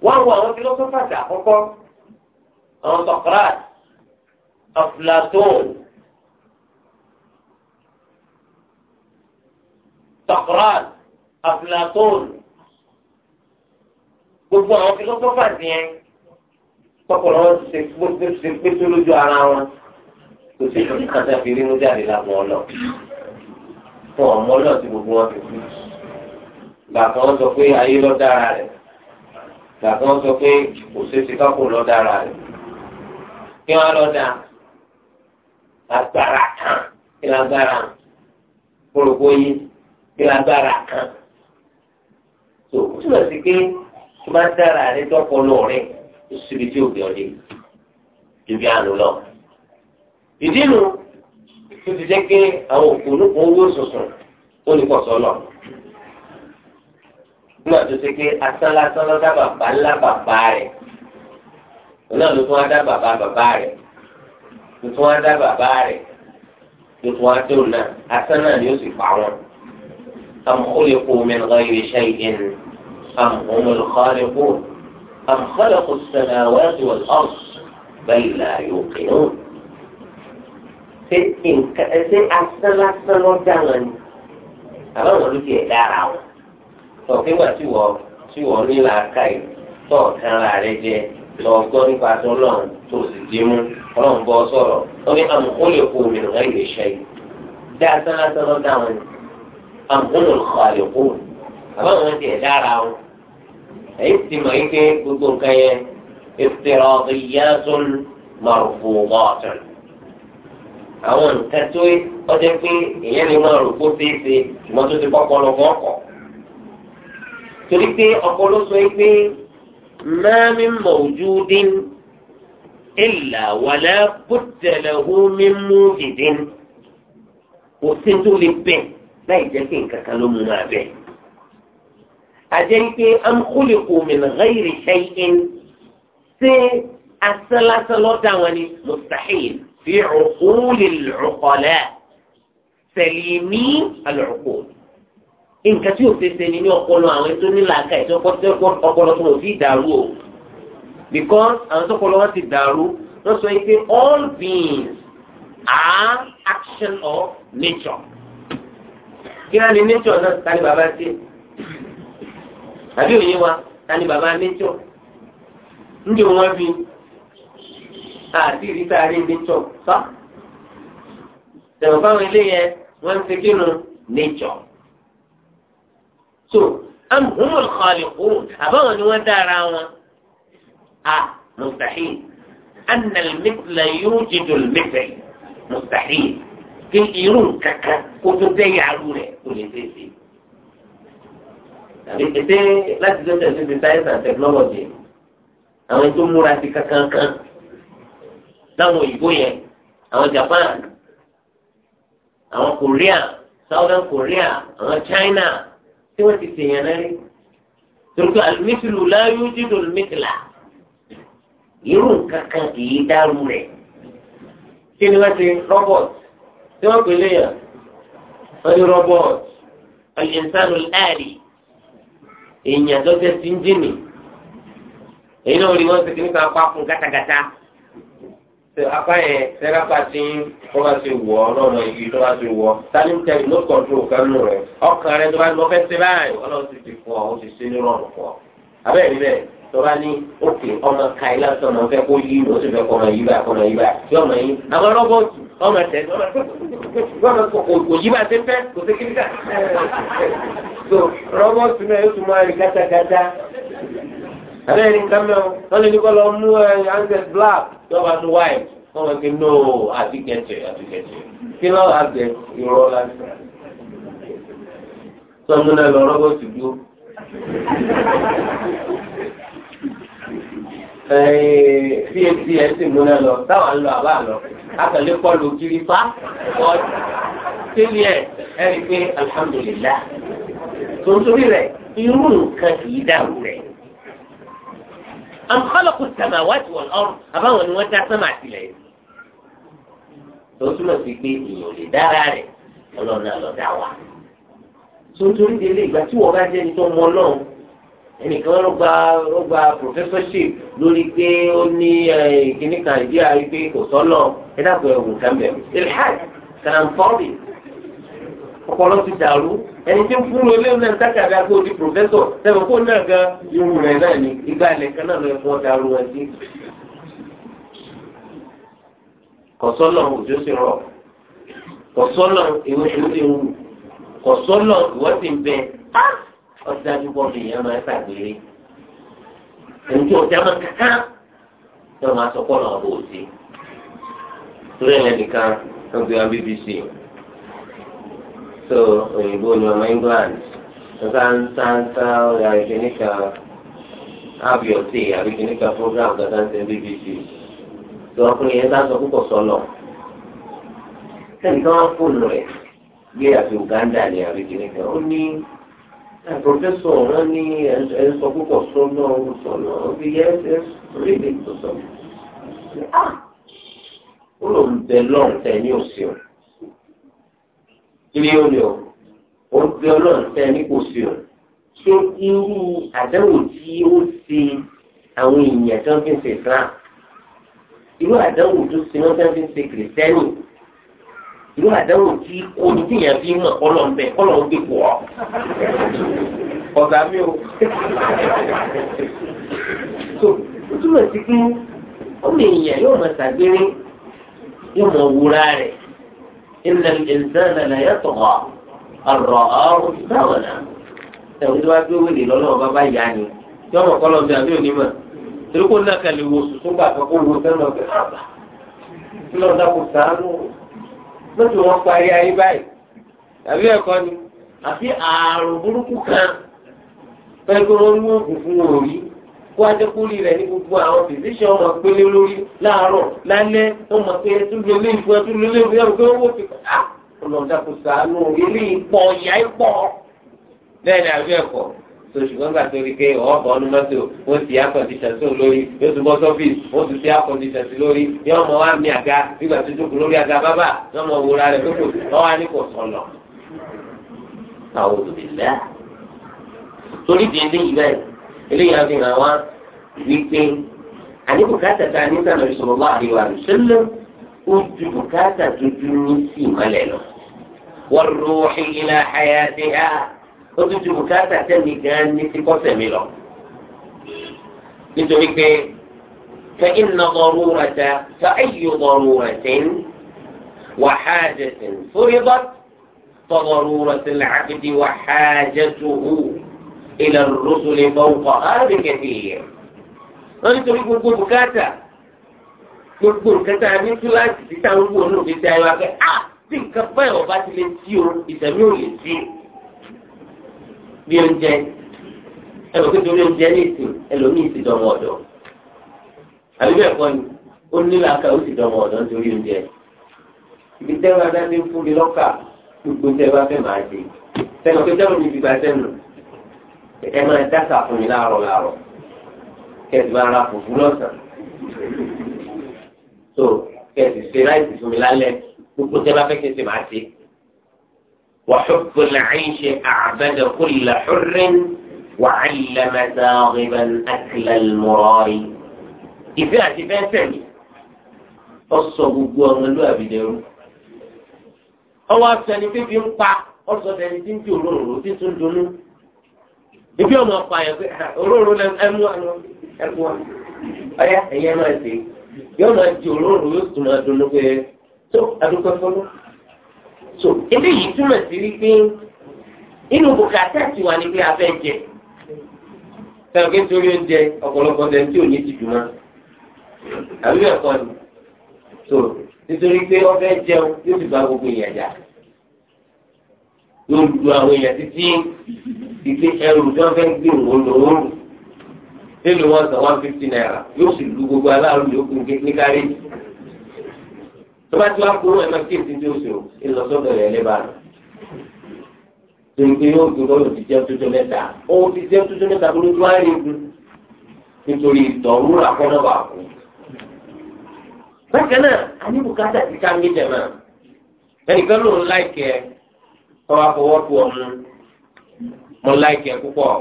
wọ́n wo àwọn philosopher tà àkọ́kọ́ àwọn Socrates, Plato. Saqrat Aflatun gbogbo àwọn fílọ́sọ́fà tiẹ̀ tọkọlọ ṣe gbogbo ṣe pété lójú ara wọn kò sí ìlú kàtà fi rí mújáde lábọ̀ ọ̀nà fún ọmọ náà tí gbogbo wọn fi kú gbàtà wọn sọ pé ayé lọ dára rẹ gbàtà wọn sọ pé kò ṣe ṣe kápò lọ dára rẹ kí wọn lọ dá agbára kan kí wọn agbára kórókó yìí bí agbára kan tó túmọ̀ sí pé tó máa ń dára rẹ dọ́pọ̀ lọ́ọ̀rẹ́ tó síbi tí òbí ọ̀dẹ́ ju bí àlọ́ lọ. ìdí nu tó ti jẹ́ pé àwọn òkú nípa owó sọ̀sọ̀ ó ní pọ̀sọ́ lọ. nígbà tó ṣe pé asán lásán lọ́dá bàbá ńlá bàbá rẹ̀ náà ló tún wá dá bàbá bàbá rẹ̀ ló tún wá dá bàbá rẹ̀ ló tún wá tó náà asán náà ni ó sì pa wọn. أم خلقوا من غير شيء أم هم الخالقون أم خلقوا السماوات والأرض بل لا يوقنون ṣé nǹkan ṣé asán lásán ló dáná ni àbá wọn ló tiẹ̀ dára o tó o kéwà tí wọ́n tí wọ́n ní làákà yìí tó o kan ra rẹ jẹ lọ gbọ́ nípa tó lọ́n tó o sì dé mú ọlọ́run bọ́ ó ní àmọ́ ó lè kó omi nìkan ìrẹsẹ̀ yìí dá asán lásán ló àǹtọ́nù àlèkò àbá wọn ti ẹ̀dá ara wọn èyí ti mọ̀ yín pé gbogbo nǹkan yẹn ìfìrọ̀dì yẹ́sùn màrùfù ọ̀tún. àwọn nǹkan tó ọjọ́ pé èyí ni wọn rò kó ṣeéṣe ìmọ̀ tó ti kọ́kọ́ lọ fún ọkọ̀. torí pé ọkọ̀ ló sọ pé mẹ́mí mọ̀júdín ìlà wàlẹ́ bùtẹ̀lẹ̀ hu mímú ìdín kò sí tó lè bẹ́ẹ̀ láì jẹ́ pé nǹkan kan ló mú máa bẹ̀. àjẹ́ pé amkhuliqu min ghairi shay'in ṣé asán lásán lọ́dà wọn ni mustahil fi uqulil uqala salimi al-uqul nǹkan tí òfin ṣe ni ní ọpọlọ àwọn tó ní làákà ìṣe ọpọlọ tó wọ́n fi dàrú o because àwọn tó kọlọ wọn ti dàrú lọ sọ pé all beings are action of nature kí á ní nature náà ká ní bàbá tiẹ̀ àbí òye wa ká ní bàbá nature ńdí wọn fi àti ìrísàárì nature sọ tẹ̀wọ̀n fáwọn ilé yẹn wọ́n ń ṣe kínú nature so amhumul khaliqun àbáwọn ni wọ́n dára wọn a mustahil anna al-mithla yujidu al-mithl mustahil kí irú kankan kó tó yàrá rẹ̀ kò lè ṣe ṣe. tàbí pété láti tó tẹ̀sí ti science and technology àwọn tó múra sí kankan láwọn òyìnbó yẹn àwọn Japan àwọn Korea Southern Korea àwọn China tí wọ́n ti ṣèyàn náà rí torí pé láyé ojú dolomítìlá irú kankan kì í dárú rẹ̀ kí ni wọ́n ti robot tí wọ́n pè léyàn wọ́n ní robot alìyẹnsánu láàrí èèyàn tó tẹ́ sí ń jìnnì èyí náà rí wọ́n ti kí nípa apá fún gátagátá apá yẹn sẹ́rápà tí wọ́n bá ti wọ̀ ọ́ lọ́nà ibi tó bá ti wọ̀ tani ń tẹ̀lé ló kọ̀ọ̀tù kánú rẹ̀ ọkàn rẹ̀ tó bá lọ fẹ́ ṣe báyìí ọlọ́run ti ti fọ ọ ti ṣe ní rọrùn fọ abẹ́rẹ́ níbẹ̀ tó bá ní òkè ọmọ káyí lásán ọmọ fẹ́ kó yí ọmọ yí báyìí ọmọ yí báyìí yọ ọmọ yí àwọn rọ́bọ̀tù ọmọ tẹ gbọmọ kò yí bá ti fẹ kò sí kíkà so rọbọtù náà yóò tún máa rí gátagátá abẹ́rẹ́ ní kámẹ́ọ̀ wọ́n lè ní kọ́ lọ mú ẹ ansẹ̀ black yọba nu white wọ́n mọ̀ sí no àtikẹ́tẹ̀ àtikẹ́tẹ̀ kí lọ́ọ́ àgbẹ̀ ìrọ̀ lásán sọmúnà lọ rọbọtù dúró. CACS múná lọ táwọn ń lọ àbá lọ akẹ́lẹ́ kọlu kiri fa tẹ́lẹ̀ ẹ̀rí pé alhamdulilah tòǹtòrí rẹ̀ irú nǹkan kì í dàrú rẹ̀. am khalaku samawati wal ard àbáwọn ni wọ́n dá sánmà sílẹ̀ yìí. tòǹtòrí ti gbé èèyàn lè dára rẹ̀ ọlọ́run náà lọ dá wa. tòǹtòrí délé ìgbà tí wọ́n bá jẹ́ ní tó mọ ẹnìkan ló gba ló gba professorship lórí pé ó ní kíní kan ìdí àrí pé kò sọ́nà ẹ dàgbọ́ ẹ̀wù kan bẹ̀rù ilhaj kanamfọ́ọ̀rì ọpọlọ ti dàrú ẹni tí ń fún ló léwu náà sákàdá pé ó di professor sẹ́wọ̀n kó náà gan irú rẹ̀ náà ní ìgbà ilẹ̀ kan náà ló yẹ kó dàrú wọn sí. kọ̀sọ́nà òjò sì rọ̀ kọ̀sọ́nà ìwé ìwé ìwé kọ̀sọ́nà ìwọ́sìn bẹ́ẹ̀. Ah! ọjà dúpọ̀ mi yẹn máa ń ṣàgbére èyí tí ọjà máa kàkà tí wọ́n máa sọ pọ́ náà bò sí. torí ẹ̀ nìkan ló gbé wọn BBC so òyìnbó ni ọmọ England nǹkan sáńsá ọ̀rẹ́ àìsíníkà ábíọ̀tì àbíkíníkà program gàdá ń BBC tí wọ́n pín yẹn dáńsọ púpọ̀ sọ́nà sẹ́ni káwọn fóònù rẹ̀ gbé àti Uganda ní àbíkíníkà ó ní. Professor wọn ní ẹ̀sọ́ púpọ̀ sọ́nà sọ̀nà bí ss rídì tó sọ. Ah! ó lò ń bẹ lọ́n tẹ ní òsì o ilé olè o ó o ṣé irú àdáwò tí ó ṣe àwọn èèyàn tó ń fi ṣe Islam irú àdáwò tó ṣe wọ́n tó ń fi ṣe kìrìsìtẹ́nì ìlú àdáwò tí omi tí yẹn fi mọ̀ kọ́lọ̀ ń bẹ̀ kọ́lọ̀ ń gbé pọ̀ ọ́ mi o so ó túmọ̀ sí pé ọmọ èèyàn yóò máa ṣàgbére yóò máa wúra rẹ̀ ìlànà ìlànà làyà tọ̀wọ̀ ọ̀rọ̀ ọ̀rọ̀ ìbáwọ̀nà ẹ̀rù tó wá gbé wèlé lọ́lọ́wọ́ bàbá ìyá ni yóò mọ̀ kọ́lọ̀ ń bẹ̀ òní mọ̀ torí kó nàkàlẹ̀ wò sùn tó gbà kó wò sẹ́nu ọ̀gbẹ́ àbà kí lọ́ọ́ dákò sáánù lóṣù wọn parí ayé báyìí tàbí ẹ̀kọ́ ni àfi ààrùn burúkú kan pẹ̀lú wọn mú òògùn fún òòrí kó ajẹ́kúrì rẹ̀ ní gbogbo àwọn fìdíṣẹ́ ọmọ pélé lórí láàárọ̀ lálẹ́ wọn mọ̀ pé ẹtú ló lé ìfún ẹtú ló lé ìfún ẹrù pé owó ti pa ah! ọlọ́dà kò sàánú ilé ìpọ̀ ìyá ìpọ̀ bẹ́ẹ̀ ni àbí ẹ̀kọ́ so ṣùgbọ́n gbà torí pé ọ̀ọ́bọ̀ ọdún mọ́tò ó ti air condition sí olórí yóò tún bọ́ sọ́fíìsì ó tún ti air condition sí lórí yóò mọ wá mi àga nígbà tó jókòó lórí àga bábà yóò mọ wòra rẹ̀ lóko wọ́n wá ní kò sọ̀lọ̀. àwọn olùdílé torí di eléyìí bẹ́ẹ̀ eléyìí á fi hàn wá wípé àní bùkátà tá a ní sànà ìṣòro wá àríwá rẹ̀ ṣẹlẹ̀ ó ju bùkátà tuntun ní sí ìmọ̀lẹ̀ lọ. wọ́n rú ó ti ju bùkátà tẹ̀mí gan ní ti kọ́sẹ̀ mi lọ. nítorí pé فإن ضرورة فأي ضرورة وحاجة فرضت فضرورة العبد وحاجته إلى الرسل فوق هذا كثير wọ́n torí gbogbo bùkátà gbogbo bùkátà ní kíláàsì títà ń wò ní òfin tí a yọ akẹ́ à tí nǹkan báyọ̀ bá ti lè tí o ìtẹ̀mí ò lè tí o. bí oúnjẹ ẹ̀rọ pé torí oúnjẹ ní ìsìn ẹlòmíì ti dọ̀mọ̀ ọ̀dọ̀ àbí bẹ́ẹ̀ kọ́ ni ó ní làákà ó sì dọ̀mọ̀ ọ̀dọ̀ nítorí oúnjẹ ibi tẹ́wọ́ adájọ́ ń fún mi lọ́kà gbogbo tẹ́ bá fẹ́ máa ṣe sẹ́nu pé tẹ́wọ́ mi ti gba sẹ́nu ẹ máa dáta fún mi láàárọ̀ láàárọ̀ kẹ́sì máa ra fùfú lọ́sàn-án so kẹ́sì ṣe láìsí fún mi lálẹ́ gbogbo tẹ́ bá fẹ́ kẹ́sì máa ṣe. وحب العيش أعبد كل حر وعلم زاغبا أكل المرار ìfẹ́ àti fẹ́ tẹ̀lé ọsọ gbogbo ọmọlúwàbí dẹrú ọwọ́ afẹ́ni fífi ń pa ọsọ tẹ̀lé tí ń di òróró tí tún dunú ibi ọmọ ọkọ àyàn pé ah, òróró lẹ ẹmu ẹmu ọyá ẹ̀yẹ máa ṣe yóò máa di òróró yóò tún máa dunú pé tó adúgbò fọlọ́ so eléyìí túmọ̀ sí wípé inú bùkátà ti wà ní pé a fẹ́ jẹ sẹ́wọ̀n kí n torí oúnjẹ ọ̀pọ̀lọpọ̀ ọ̀dẹ̀ tí ò ní ti dùn mọ́ àbí ẹ̀kọ́ ni so nítorí pé wọ́n fẹ́ jẹun yóò ti ba gbogbo èèyàn jà yóò lu àwọn èèyàn títí ìgbé ẹrù tí wọ́n fẹ́ gbé òun lòún rù nínú wọn sọ one fifty naira yóò sì lu gbogbo aláàrú yòókù ní kárí tó bá ti wá kúrò ẹ̀ máa kéèsì tí ó ṣe o ìlọsọ́dọ̀ rẹ̀ lé báyìí tòǹkì yóò gbé lọ́yọ̀ ti jẹ́ tuntun mẹ́ta òun ti jẹ́ tuntun mẹ́ta kó ló tún wáyé nìkú nítorí ìtọ̀rúra kọ́nà wà kú. bákan náà a ní bùkátà ti ká méjì náà ẹnìkan lòun láìkẹ́ ọ wá fọwọ́ tu ọmú mo láìkẹ́ púpọ̀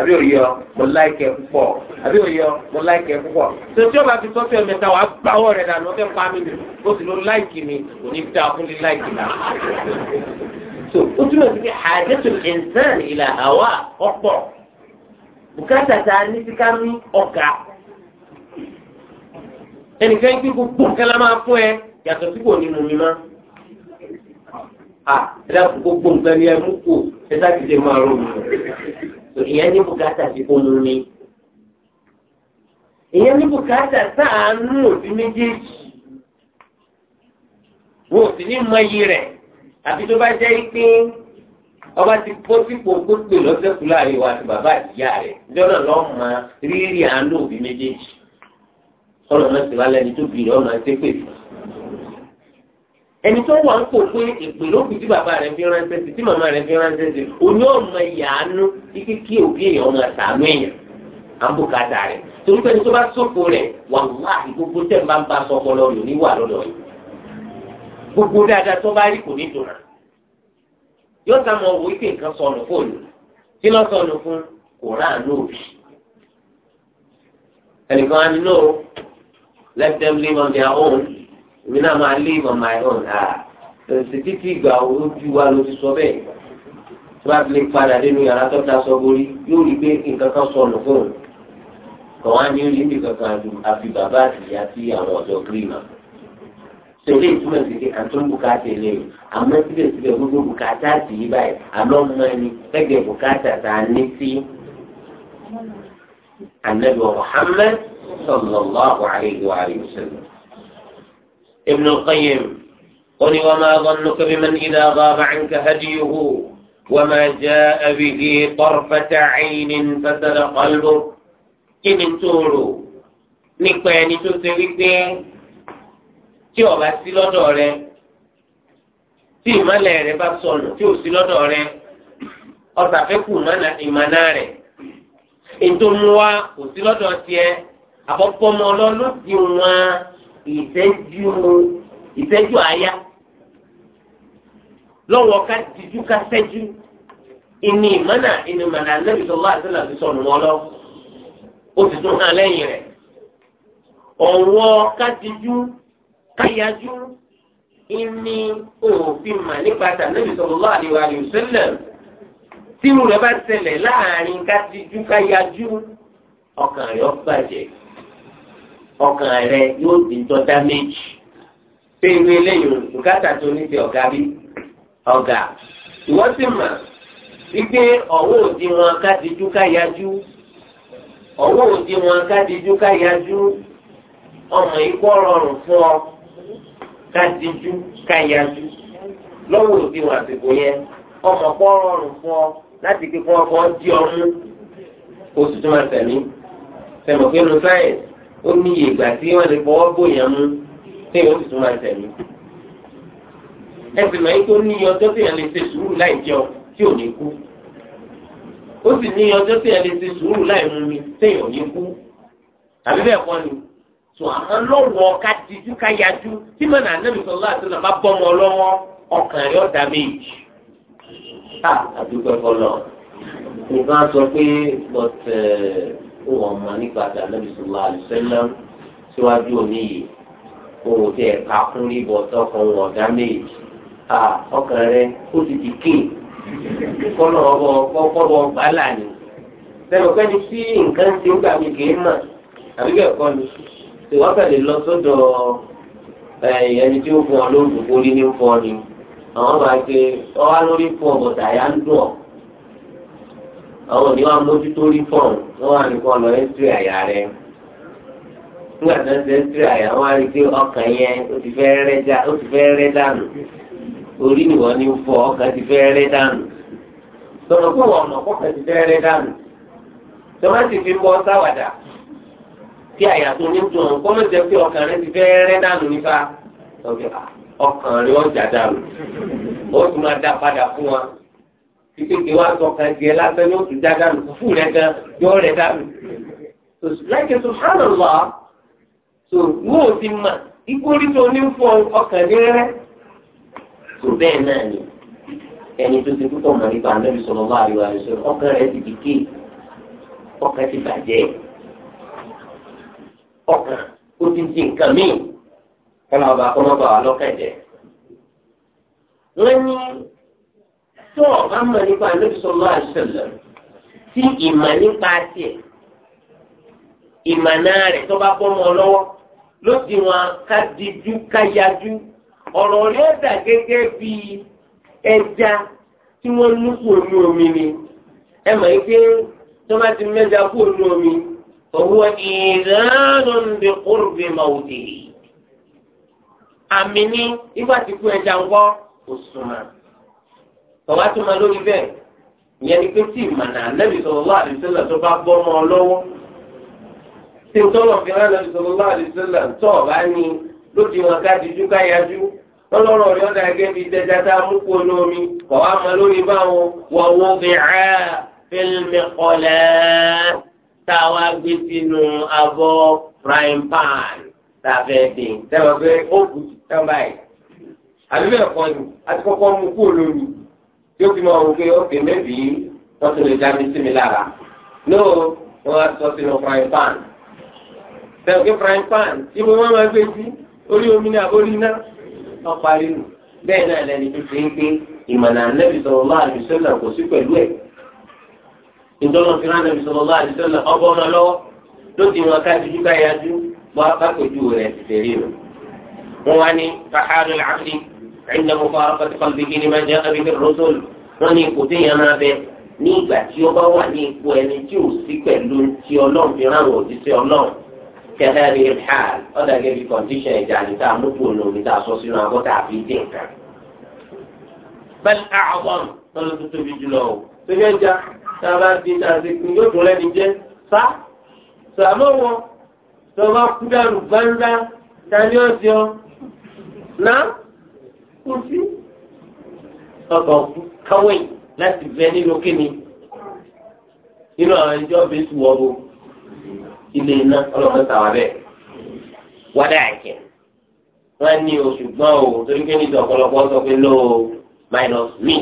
àbí òye ọ mo láìkẹ púpọ̀ àbí òye ọ mo láìkẹ púpọ̀ tó tí o bá fi sọ́sẹ̀ mẹ́ta wàá gbà ọ́ rẹ̀ dànù ọ̀fẹ́ pa mi o sì lọ láìkì mi kò ní da fún mi láìkì náà. so o túmọ̀ sí pé àdéhùn ìǹsán ìlà àwa ọ̀pọ̀ bùkátà tá a ní sí ká ní ọ̀gá. ẹnìkan kí gbogbo kẹlẹ máa fún ẹ yàtọ̀ sí kò ní mu mi mọ́. a ẹ dá gbogbo nǹkan ní ẹ mú kó ẹ dá tó ìyẹn ní bùkátà sí kónú ni ìyẹn ní bùkátà sáàánú òbí méjèèjì wo sì ní mọyì rẹ̀ àfi tó bá jẹ́ pé ọba ti bọ́ sípò gbógbè lọ́sẹ̀kù láàrin wa àti bàbá àtìyá rẹ̀ jọ́nà lọ́ọ́ mọ rírì àánú òbí méjèèjì sọ̀rọ̀ náà sì wá lẹ́ni tó bìrì ọ̀nà ẹsẹ̀ pè fún ẹni tó wà ń kó pé èpè ló fi tí bàbá rẹ̀ fi ránṣẹ́ sí tí màmá rẹ̀ fi ránṣẹ́ sí oní ọmọ ìyàánú kíkí kí òbí èèyàn ọmọ àtàánú èèyàn àbùkátà rẹ̀ torí pé ẹni tó bá sóko rẹ̀ wàláhì gbogbo tẹ̀ ń bá ń bá sọ́kọ lọ lò níwà lọ́dọ̀ yìí gbogbo dáadáa tó bá rí kò ní dùn án yóò sá mọ owó ìpè nǹkan sọnù fóònù kí lọ sọnù fún kò ráàánú òbí ẹnìkan let them live on their own èmi náà máa lé ìmọ̀ my own ah ẹ̀sìn títí ìgbà olójú wa ló ti sọ bẹ́ẹ̀ tí wàá fi lè padà nínú yàrá tó ta sọ borí yóò rí pé nǹkan kan sọnù fún un kàn wá ní orí níbi kankan àfi bàbá àti ìyá sí àwọn ọ̀dọ́ gírímà tẹ̀lé ìtumọ̀ sí pé àtúntò bùkátà lè rìn àmọ́ síbẹ̀síbẹ̀ gbogbo bùkátà sí yí báyìí àmọ́ mọ́ ni gẹ́gẹ́ bùkátà tá a ní sí. Ànábì Muhammad sallallahu alaihi wa sallam. ابن القيم قل وما ظنك بمن إذا غاب عنك هديه وما جاء به طرفة عين فسد قلبه كن تورو nípa ẹni tó ṣe wípé tí ó bá sí lọ́dọ̀ rẹ tí ìmọ̀lẹ̀ rẹ bá sọnù tí ò sí lọ́dọ̀ rẹ ọ̀sàfẹ́kù ìmọ̀nà rẹ̀ ètò mú wa kò sí lọ́dọ̀ tiẹ̀ àkọ́kọ́ mọ́ ọlọ́lọ́dì wọn ìtẹ́jú ìtẹ́jú àyà lọ́wọ́ ká tìjú ká tẹ́jú ìní ìmọ̀nà ìní ìmọ̀nà Ànábì sallallahu alaihi wasallam fi sọ̀rọ̀ wọn lọ ó ti tún hàn lẹ́yìn rẹ̀ ọ̀wọ́ ká tìjú ká yájú ìní òfin mà nípa Ànábì sallallahu alaihi wasallam tírú rẹ̀ bá ṣẹlẹ̀ láàrin ká tìjú ká yájú ọkàn rẹ̀ ó bàjẹ́ ọkàn rẹ yóò di tọ́ dáméjì pé irú eléyìí bùkátà tó ní ti ọ̀gá rí ọ̀gá ìwọ́n sì mà wípé ọ̀wọ́ òdi wọn kádìjú káyájú ọ̀wọ́ òdi wọn kádìjú káyájú ọmọ ikọ́ rọrùn fún ọ kádìjú káyájú lọ́wọ́ òdi wọn àsìkò yẹn ọmọ kọ́ rọrùn fún ọ láti kíkọ́ ọkọ̀ di ọmú oṣù tó máa tẹ̀lé tẹ̀mọ̀ pé nu sáyẹ̀nsì ó ní iye ìgbà tí wọ́n lè fọwọ́ bòyàn mú tí èèyàn sì tún máa tẹ̀lé. ẹ sì mọ̀ ikú ní iye ọjọ́ tí èèyàn lè ṣe sùúrù láì jẹun tí ò ní kú. ó sì ní iye ọjọ́ tí èèyàn lè ṣe sùúrù láì mú mi tí èèyàn ò ní kú. tàbí bẹ́ẹ̀ kọ́ ni tó àwọn lọ́wọ́ ká dijú ká yajú tí mọ̀nà ànábì sọ̀rọ̀ àti nàbà bọ́mọ lọ́wọ́ ọkàn rẹ̀ ọ̀dà méjì. ká ah, àdúgbò ẹ̀kọ́ lọ. nǹkan sọ pé bọ̀tẹ̀ẹ̀ eh, kó wọn mọ nípa àti ànábì sọlá àlùsẹ́lẹ̀ síwájú òní yìí o ẹ̀ka kún níbọ̀ tọkàn wọn ọ̀dá méjì à ọkàn rẹ ó ti di kín kọ́nà ọ̀bọ̀ kọ́kọ́bọ̀ gbálà ni bẹ́ẹ̀ nǹkan ti ń gbà mí kì í àbí bẹ́ẹ̀ kọ́ lọ sọ́dọ̀ ẹni tí ó fún ọ ni àwọn bá ṣe ọ wá lórí fún ọ yá ń ọ. àwọn òní wa mójútó rí fọ́ọ̀mù wọ́n wà nìkan lọ ẹ́ńtírì àyà rẹ̀ nígbà tó ń ṣe ẹ́ńtírì àyà wọ́n á rí pé ọkàn yẹn ó ti fẹ́ rẹ́ dànù orí ni ń ọkàn ti fẹ́ rẹ́ dànù ti fẹ́ rẹ́ dànù tọ́mátì fi ń ọkàn rẹ ti fẹ́ rẹ́ dànù nípa ah, ọkàn rẹ ọjà dànù ó tún máa dá padà fún wa. kékeré wa sọ kan jẹ lásán yóò tún já dànù fúfú rẹ gan yọ rẹ dànù lẹ́kẹ̀ẹ́ tó hánà lọ tó wọ́n ò ti mà ìkórí tó ní fọ ọkàn ní rẹ tó bẹ́ẹ̀ náà ni ẹni tó ti kúkọ̀ mọ̀ nípa anábì sọ̀rọ̀ bá àríwá rẹ̀ sọ̀rọ̀ ọkàn rẹ̀ ti dìké ọkàn ti bàjẹ́ ọkàn ó ti di nǹkan míì kọ́lá ọba kọ́mọ́bà wà lọ́kàn jẹ́ wọ́n ní tó ọba mọ̀ nípa Ànábì sallallahu alaihi wasallam tí ìmọ̀ nípa tiẹ̀ ìmọ̀ náà rẹ̀ tó bá bọ́ mọ́ lọ́wọ́ ló di wọn ká dijú ká yajú ọ̀rọ̀ rẹ̀ dà gẹ́gẹ́ bí ẹja tí wọ́n lú kú omi omi ni ẹ mọ̀ yìí tó bá ti mẹ́ja kú omi omi òwò ìdáná ń bi qurbi mawtihi àmì ní ìgbà tí kú ẹja ń kò sùnmọ́ tọ́wá tó máa lórí bẹ́ẹ̀ ìyẹn ni pé tí ìmọ̀nà ànábì sallallahu alaihi wasallam tó bá bọ́ mọ́ ọ lọ́wọ́ tí n tọ́lọ̀ fi rán ànábì sallallahu alaihi wasallam tó ọ̀bá ni lóde wọn ká dijú ká yajú ọlọ́rọ̀ rẹ̀ ọ̀dà gẹ́gẹ́ bíi dẹ́jà tá a mú kó ní omi kọ̀ wá mọ́ lórí báwọn wọ̀wọ́ bìrà fílmì kọlẹ̀ tá a wá gbé sínú abọ́ frying pan tá dín tẹ́lọ̀ pé ó kù tán báyìí tí ó fi máa wò pé ókè mẹ́bí wọ́n tún lè dá mi sí mi lára ló wọ́n á sọ sínú frying pan sẹ́wọ́n kí frying pan tí mo máa máa gbé sí orí omi ní àbórí iná wọ́n parí nù bẹ́ẹ̀ náà lẹ́ni tó ti ń pín ìmọ̀nà ànẹ́bí sọ̀rọ̀ máa lè sọ́nà kò sí pẹ̀lú ẹ̀ ìtọ́nà fi rán ànẹ́bí sọ̀rọ̀ máa lè sọ́nà ọgbọ́n náà lọ́wọ́ ló ti wọn ká ti dúkà yájú wọ́n bá pẹ̀jú rẹ̀ ti tẹ̀lé rẹ̀ wọ́n wá ní عند مفارقة قلبه لما جاء به الرسل wọn ní ipò téèyàn máa bẹ ní ìgbà tí ó bá wà ní ipò ẹni tí ò sí pẹ̀lú ti ọlọ́run fi ràn wọ́n òjíṣẹ́ ọlọ́run kẹfẹ́ rí hàl ọ̀dà gẹ́gẹ́ bí kọ̀ǹtíṣàn ìjà níta àmúkù olómi tá a sọ sínú abọ́ tá a fi dín nǹkan. bẹ́ẹ̀ àwọn ọ̀nà tó tóbi jùlọ o ṣẹ́fẹ́ ja tá a bá di àti kí yóò dùn lẹ́ni jẹ́ fa sàmọ́ wọn tó bá kú dànù gbáńdá tani ọ̀sẹ̀ ọ náà kò sí ọkàn káwé láti bẹ nínú kíni nínú àwọn ìjọ bẹ́ẹ̀ tù wọ́ bó ilé iná ọlọ́run tàwa bẹ́ẹ̀ wádà àjẹ́ wọ́n ní oṣù gbọ́n o torí pé níbi ọ̀pọ̀lọpọ̀ sọ pé no minus me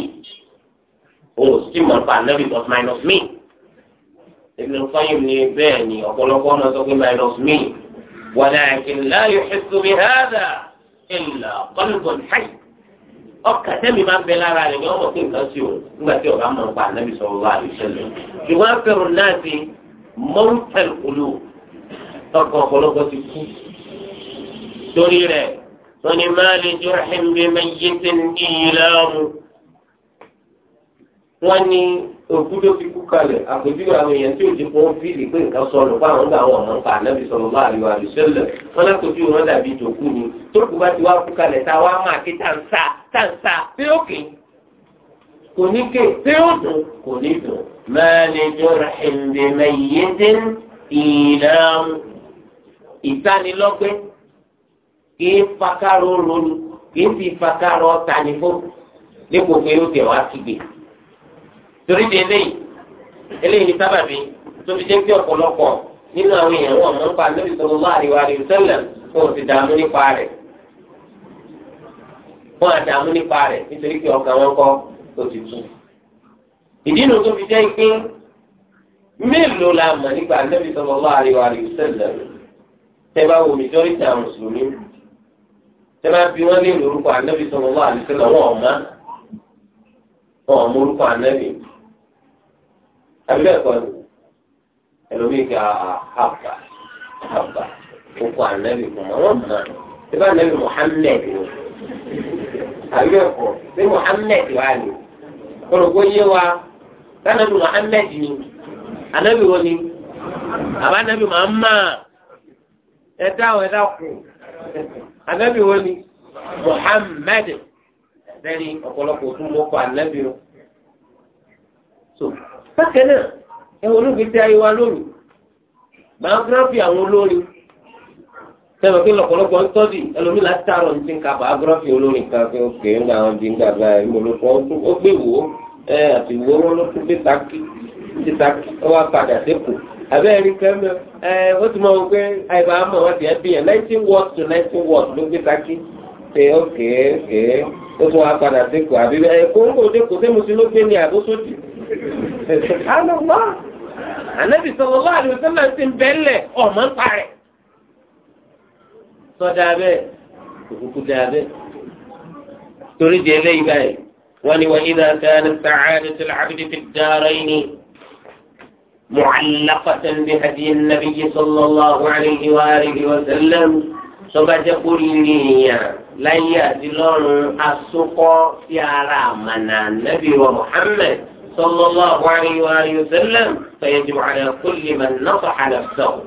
o sì mọ̀ nípa nẹ́bí but minus me ebi nǹkan yìí ni bẹ́ẹ̀ ni ọ̀pọ̀lọpọ̀ náà sọ pé minus me wàlàkìn la yuhithu bihadha illa qalbun hayy ọkàn tẹ́mi máa ń bẹ lára rẹ̀ ni wọ́n mọ̀ pé nǹkan sí o nígbà tí ọ̀gá máa ń pa ànábì sọ̀rọ̀ wá àlùsẹ́lẹ̀ ṣùgbọ́n afẹ́rù náà ti mọ́rúfẹ́l olú tọkàn ọ̀pọ̀lọpọ̀ ti kú torí rẹ̀ wọ́n ni máa lè jọ ẹ̀mí mẹ́yẹ́tẹ̀ ní ìlànà wọ́n ní òkú ló fi kú kalẹ̀ àpèjúwe àwọn èèyàn tí ò ti fún fíìlì pé nǹkan sọnù fún àwọn àwọn ọmọ nǹkan ànábì sọ̀rọ̀ bá àríwá àlùsẹ́lẹ̀ wọ́n lápèjú wọn dàbí ìjòkú ni tó kù bá ti wá kú kalẹ̀ tá a wá máa ké tàǹsà tàǹsà tí ó kì í kò ní ké tí ó dùn kò ní dùn. mẹ́ni jọra ẹ̀ǹdẹ̀ mẹ́yẹ́dẹ́ ìnáwó ìtanilọ́gbẹ́ kì í fakáró ronú kì í fi fakáró tanifó dípò torí di eléyìí eléyìí ni sábàbí tó fi jẹ́ pé ọ̀pọ̀lọpọ̀ nínú àwọn èèyàn wọn mọ̀ nípa Ànábì sallallahu alaihi wa sallam wọn ò sì dààmú nípa rẹ̀ wọn à dààmú nípa rẹ̀ nítorí pé ọkàn wọn kọ́ òtítù. ìdí inú tó fi jẹ́ pé mélòó la mọ̀ nípa Ànábì sallallahu alaihi wa sallam tẹ́ bá wo mìjọ́rìtì àwọn mùsùlùmí tẹ́ bá bí wọ́n lé lórúkọ Ànábì sallallahu alaihi wa sallam wọn ò mọ̀ wọn ẹgbẹ́ ẹ̀kọ́ ni ẹlòmíì ká àhàbà àhàbà òkú ànábì kan àwọn mọ̀ síbá ànábì Muhammad ni àbí ẹ̀kọ́ sí mohammed wà ní kọlọ́gbó yé wa sanabi Muhammad ni ànábì wo ni àbá ànábì Muhammad ẹ̀dá ọ̀ ẹ̀dá kù ànábì wo ni mohammed ẹ̀dẹ́rì ọ̀pọ̀lọpọ̀ kọ bákan náà ẹ̀wọ̀n olùgbèsè ayé wa lónìí biography àwọn olórin sẹ́wọ̀n kí lọ́pọ̀lọpọ̀ ń tọ́jú ẹlòmí láti tààrọ̀ ní ti biography olórin kan fi òkè ńgbà wọn di ńgbà bá ẹ̀ mọ̀lọ́pọ̀ ó gbé wò ó ẹ̀ àti wò ó taki taki ó wá padà dépò àbẹ́ ẹ̀rí kẹ́mẹ́ ẹ̀ ó ti mọ̀ wọ́n pé àìbá àmọ̀ wọn ti ẹ̀ bí nineteen words to nineteen words ló gbé taki ṣe ókè ókè ó tún wá padà àbí ẹ̀ kóńgò Subhanallah ànábì sallallahu alaihi wasallam ti ń bẹ́lẹ̀ ọ̀mọ́ ń parẹ́. Sọ́dà bẹ́ẹ̀ òkùnkùn dà bẹ́ẹ̀. Torí di ẹlẹ́yìí báyìí wọ́n ni wọ́n idha kanat sa'adatu al-'abdi fi ad-darayni معلقة بهدي النبي صلى الله عليه وآله وسلم سبت قريني لن يأتي لون السقو في النبي ومحمد صلى الله عليه وآله وسلم فيجب على كل من نصح نفسه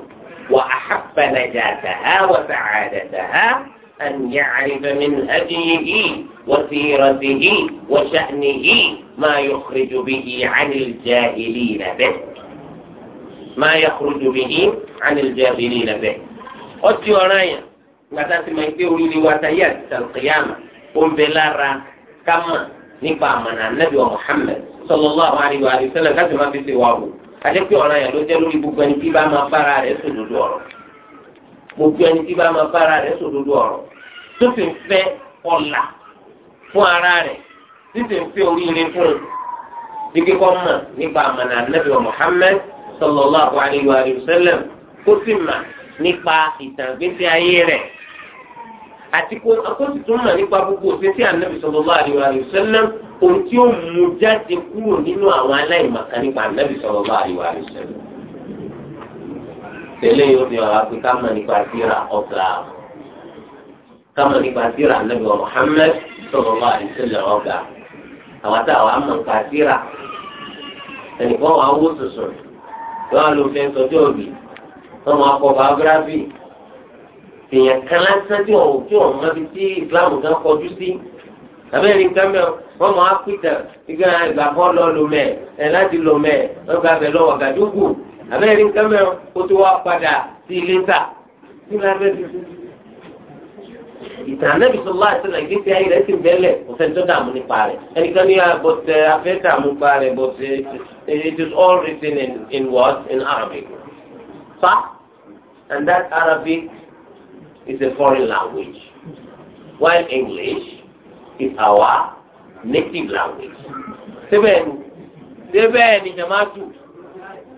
وأحب نجاتها وسعادتها أن يعرف من هديه وسيرته وشأنه ما يخرج به عن الجاهلين به ما يخرج به عن الجاهلين به أتي ورايا متى سمعتيه لواتيات القيامة قم بلارا كما نبع من النبي محمد sallallahu alaihi wa sallam láti máa fi ṣe wà wò àjẹpẹ ọ̀ràn yẹn ló jẹ́ lórí gbogbo ẹni tí bá máa bára rẹ̀ sòdodo ọ̀rọ̀ gbogbo ẹni tí bá máa bára rẹ̀ sòdodo ọ̀rọ̀ tó fi ń fẹ́ ọ̀la fún ara rẹ̀ tí sì ń fẹ́ oríire fún bí kíkọ́ mọ̀ nípa àmàlà nàbì Muhammad sallallahu alaihi wa sallam kó sì mà nípa ìtàn ìgbésí ayé rẹ̀ àti kóòtù tó mọ̀ nípa gbogbo òfin tí ànábì sallallahu alaihi wasallam ohun tí ó mú jáde kúrò nínú àwọn aláìmọ̀ká nípa ànábì sallallahu alaihi wasallam. tẹ́lẹ̀ yóò fi hàn wápé ká mọ̀ nípa síra ọ̀gá ká mọ̀ nípa síra ànábì wa Muhammad sallallahu alaihi wasallam ọ̀gá àwọn táwọn àmọ̀ nípa síra ẹnìkan wà wó sùsùn yóò wá lóun èèyàn kan lásán tí òun tí òun mọbi tí islam kan kọjú sí àbẹ́rẹ́ nǹkan mẹ́wọ́ wọ́n mọ̀ ápítà ìgbà ìgbà kan lọ lò mẹ́ láti lò mẹ́ wọ́n lọ́wọ́ gàdúgù àbẹ́rẹ́ nǹkan mẹ́wọ́ kó tó wá padà sí ilé ta kí ló abẹ́ fi. ìtàn anábì sọlá àtẹlẹ ìgbésí ayé rẹ ti ń bẹ́lẹ̀ tó dààmú nípa rẹ̀ ẹnìkan ní abọ́tẹ ah, eh, afẹ́ dààmú pa rẹ̀ but eh, it is all written in, in words in Arabic. fa and that Arabic is a foreign language, while English is our native language. Síbẹ̀ ni síbẹ̀ ni Jamaica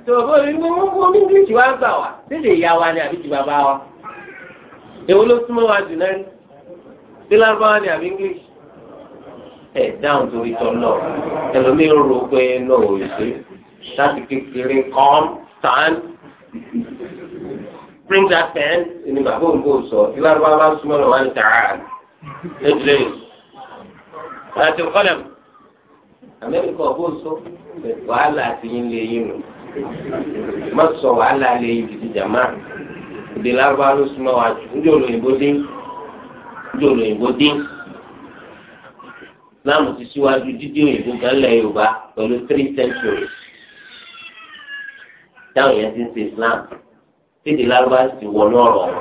tòbó ìlú wọn English wá gbà wá sílè ìyá wa ni àbí ti bàbá wa. Èwo ló súnmọ́ wa jù náà? Sí Lárúbáwá ni àbí English? Ẹ dáhùn torí tọ́ náà. Ẹlòmíì ń ro pé náà ò ṣe láti kékeré calm stand bring that home, ni bàbá òǹkó sọ ìlànà bàbá súnmọ́ one ní tààrà lẹ́tìlẹ́ àti The column. America, sọ so. àti yín lè yín o má sọ wàhálà lè yín dìde jàmá ìdè lárúbá ló súnmọ́ wa jù ní olóyìnbó dín ní olóyìnbó dín láàmù ti síwájú dídí òyìnbó gánlẹ̀ Yorùbá pẹ̀lú three centuries táwọn yẹn ti ń ṣe Islam tètè lárúbá sì wọnú ọ̀rọ̀ wọn.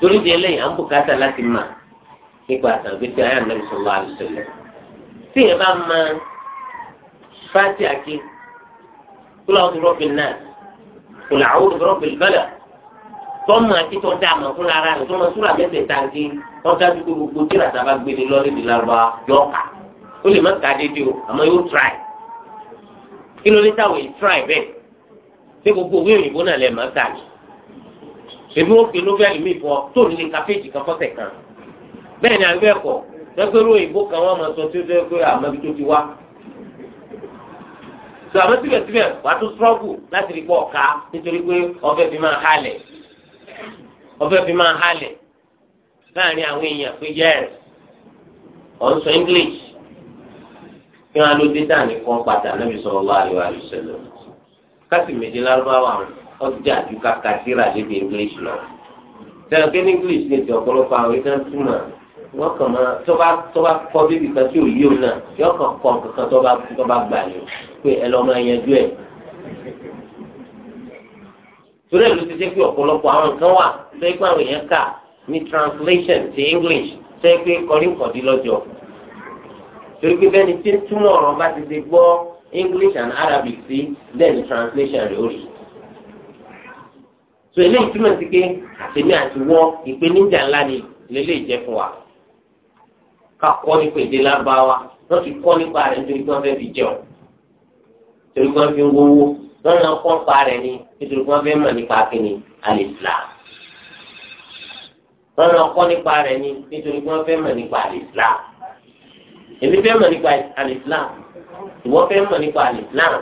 torí di eléyìí à ń bùkátà láti mà nípa àtàgbèsè ayé ànábì sallallahu alaihi wasallam. tí yẹn bá ma fáti àké kúlọ̀ ọ̀tún rọ́bì náà kúlọ̀ àwọn olùrọ́bì bẹ́lẹ̀ tọ́mù àti tó dá àmọ́ fúnra ara rẹ̀ tó mọ súrà mẹ́sẹ̀ tá a gé wọ́n dájú pé gbogbo tíra tá a bá gbé ní lọ́rí di lárúbá yọ ó lè má kàá dédé o àmọ́ yóò tíráì kí ló dé táwọn yìí tíráì bẹ́ẹ̀ ṣé gbogbo òwe òyìnbó náà lè máa kà ní. èmi ò pè nọ́vẹ́lì mi fọ tó ní ní kàféèjì kan fọ́sẹ̀ kan bẹ́ẹ̀ ni àgbẹ̀ kọ̀ lẹ́gbẹ̀rú òyìnbó kan wọ́n máa sọ tí ó jẹ́ pé àmọ́bí tó ti wá. sọ àmọ́ síbẹ̀síbẹ̀ wà á tún sọ́ọ̀gù láti rí pọ̀ ká nítorí pé ọ̀fẹ́ fi máa halẹ̀ ọ̀fẹ́ fi máa halẹ̀ láàrin àwọn èèyàn pé yẹ́s ọ̀ ń sọ English kí wọ́n á ló dé dáa nìkan pàtàkì lẹ́bi sọ̀rọ̀ wá àríwá àríṣẹ́lẹ̀ káàsì méje lárúbáwá ọjà ju kàkà síra lébi english lọ sẹ́yìn pé ní english ní ti ọ̀pọ̀lọpọ̀ àwọn ìtàn túmọ̀ wọ́n kàn máa tọ́ba tọ́ba kọ́ bíbí kan tí ò yí òun náà yọ kàn kọ́ kankan tọ́ba tọ́ba gbà ní pé ẹ lọ́ máa yanjú ẹ̀. torí ẹ̀ ló ti jẹ́ pé ọ̀pọ̀lọpọ̀ àwọn nǹkan wà sẹ́yìn pé àwọn èèyàn kà ní translation ti english sẹ́yìn pé kọrin kọ̀dí lọ́jọ́ torí pé bẹ́ẹ̀ ni tí túmọ̀ ọ̀rọ̀ bá ti ṣe gbọ́ English and Arabic sí then translation rẹ̀ ó rí. so eléyìí túmọ̀ sí pé àtẹ̀mí àti wọ́ ìpèníjà ńlá ni lélẹ́yìí jẹ́ fún wa ká kọ́ nípa èdè lábáwá wọ́n ti kọ́ nípa rẹ̀ nítorí kí wọ́n fẹ́ fi jẹun nítorí kí wọ́n fi ń wówó wọ́n náà kọ́ nípa rẹ̀ ni nítorí kí wọ́n fẹ́ mọ̀ nípa kíni alìsílám wọ́n náà kọ́ nípa rẹ̀ ni nítorí kí wọ́n fẹ́ mọ̀ nípa alìsílám èmi fẹ́ mọ̀ nípa alìsílám ìwọ fẹ́ mọ̀ nípa Islam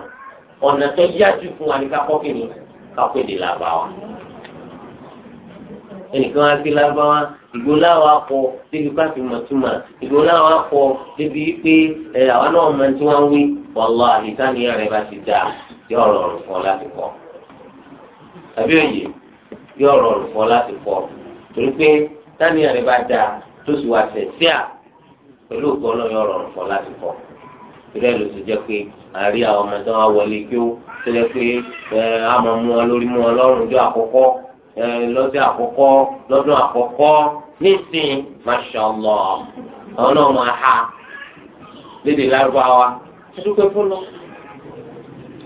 ọ̀nà tó yájú fún wa ní kakọ́ kìíní kakọ́ èdè làbáwa ẹnìkan á gbé làbáwa ìgbó láwa kọ débi káfí mọ̀túmọ̀ ìgbó láwa kọ débi pé ẹ àwa náà mọ tí wọ́n ń wí wàllá àyíká ni ẹ̀rẹ́ bá ti dáa yóò rọrùn fún ọ láti kọ́ tàbí òye yóò rọrùn fún ọ láti kọ́ torí pé táníyàn rẹ bá dáa tó sì wá sẹ̀ pẹ̀lú ògbọ́n náà yóò rọrùn fún ọ láti kọ́ ìrẹ́ ló ti jẹ́ pé àárí àwọn ọmọ tó wá wọlé kí ó tó jẹ́ pé a máa mú wọn lórí mú wọn lọ́rùn ọjọ́ àkọ́kọ́ lọ́sẹ̀ àkọ́kọ́ lọ́dún àkọ́kọ́ nísìn mashallah àwọn náà máa ha lédè lárúbáwá dúpẹ́ fún lọ.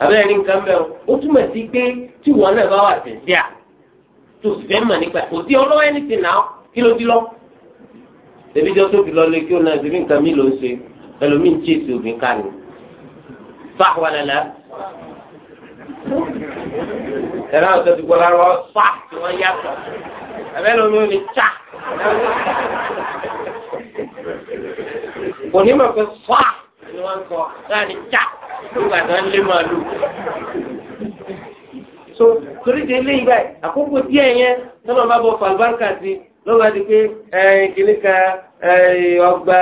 àbẹ́rẹ́ ní nǹkan bẹ́ẹ̀ ó túmọ̀ sí pé tí wọn náà bá wà tẹ̀sí à tó sì fẹ́ mọ̀ nípa kò sí ọlọ́wọ́ ẹni ti nà kí ló dí lọ. tẹ̀bíjọ́ tó fi lọ lé kí ó náà ṣe bí nǹkan mi ló ń ṣe ẹlòmíì ń tíyèsí obìnrin ká ni fà wà lẹ́la ẹ̀rọ àwọn tẹ̀sí gbọ́dọ̀ àwọn fà tí wọ́n yàtọ̀ ẹ̀rọ ẹlòmíì ni tà kò pé fà ni wọ́n sọ láàrin tà nígbà tó ń lé màlúù so torí de lé ibà àkókò díẹ̀ yẹn tọ́lọ́ bá bọ̀ fàlùbáǹkà sí lọ́wọ́ àti pé kìnnìkan ọgbà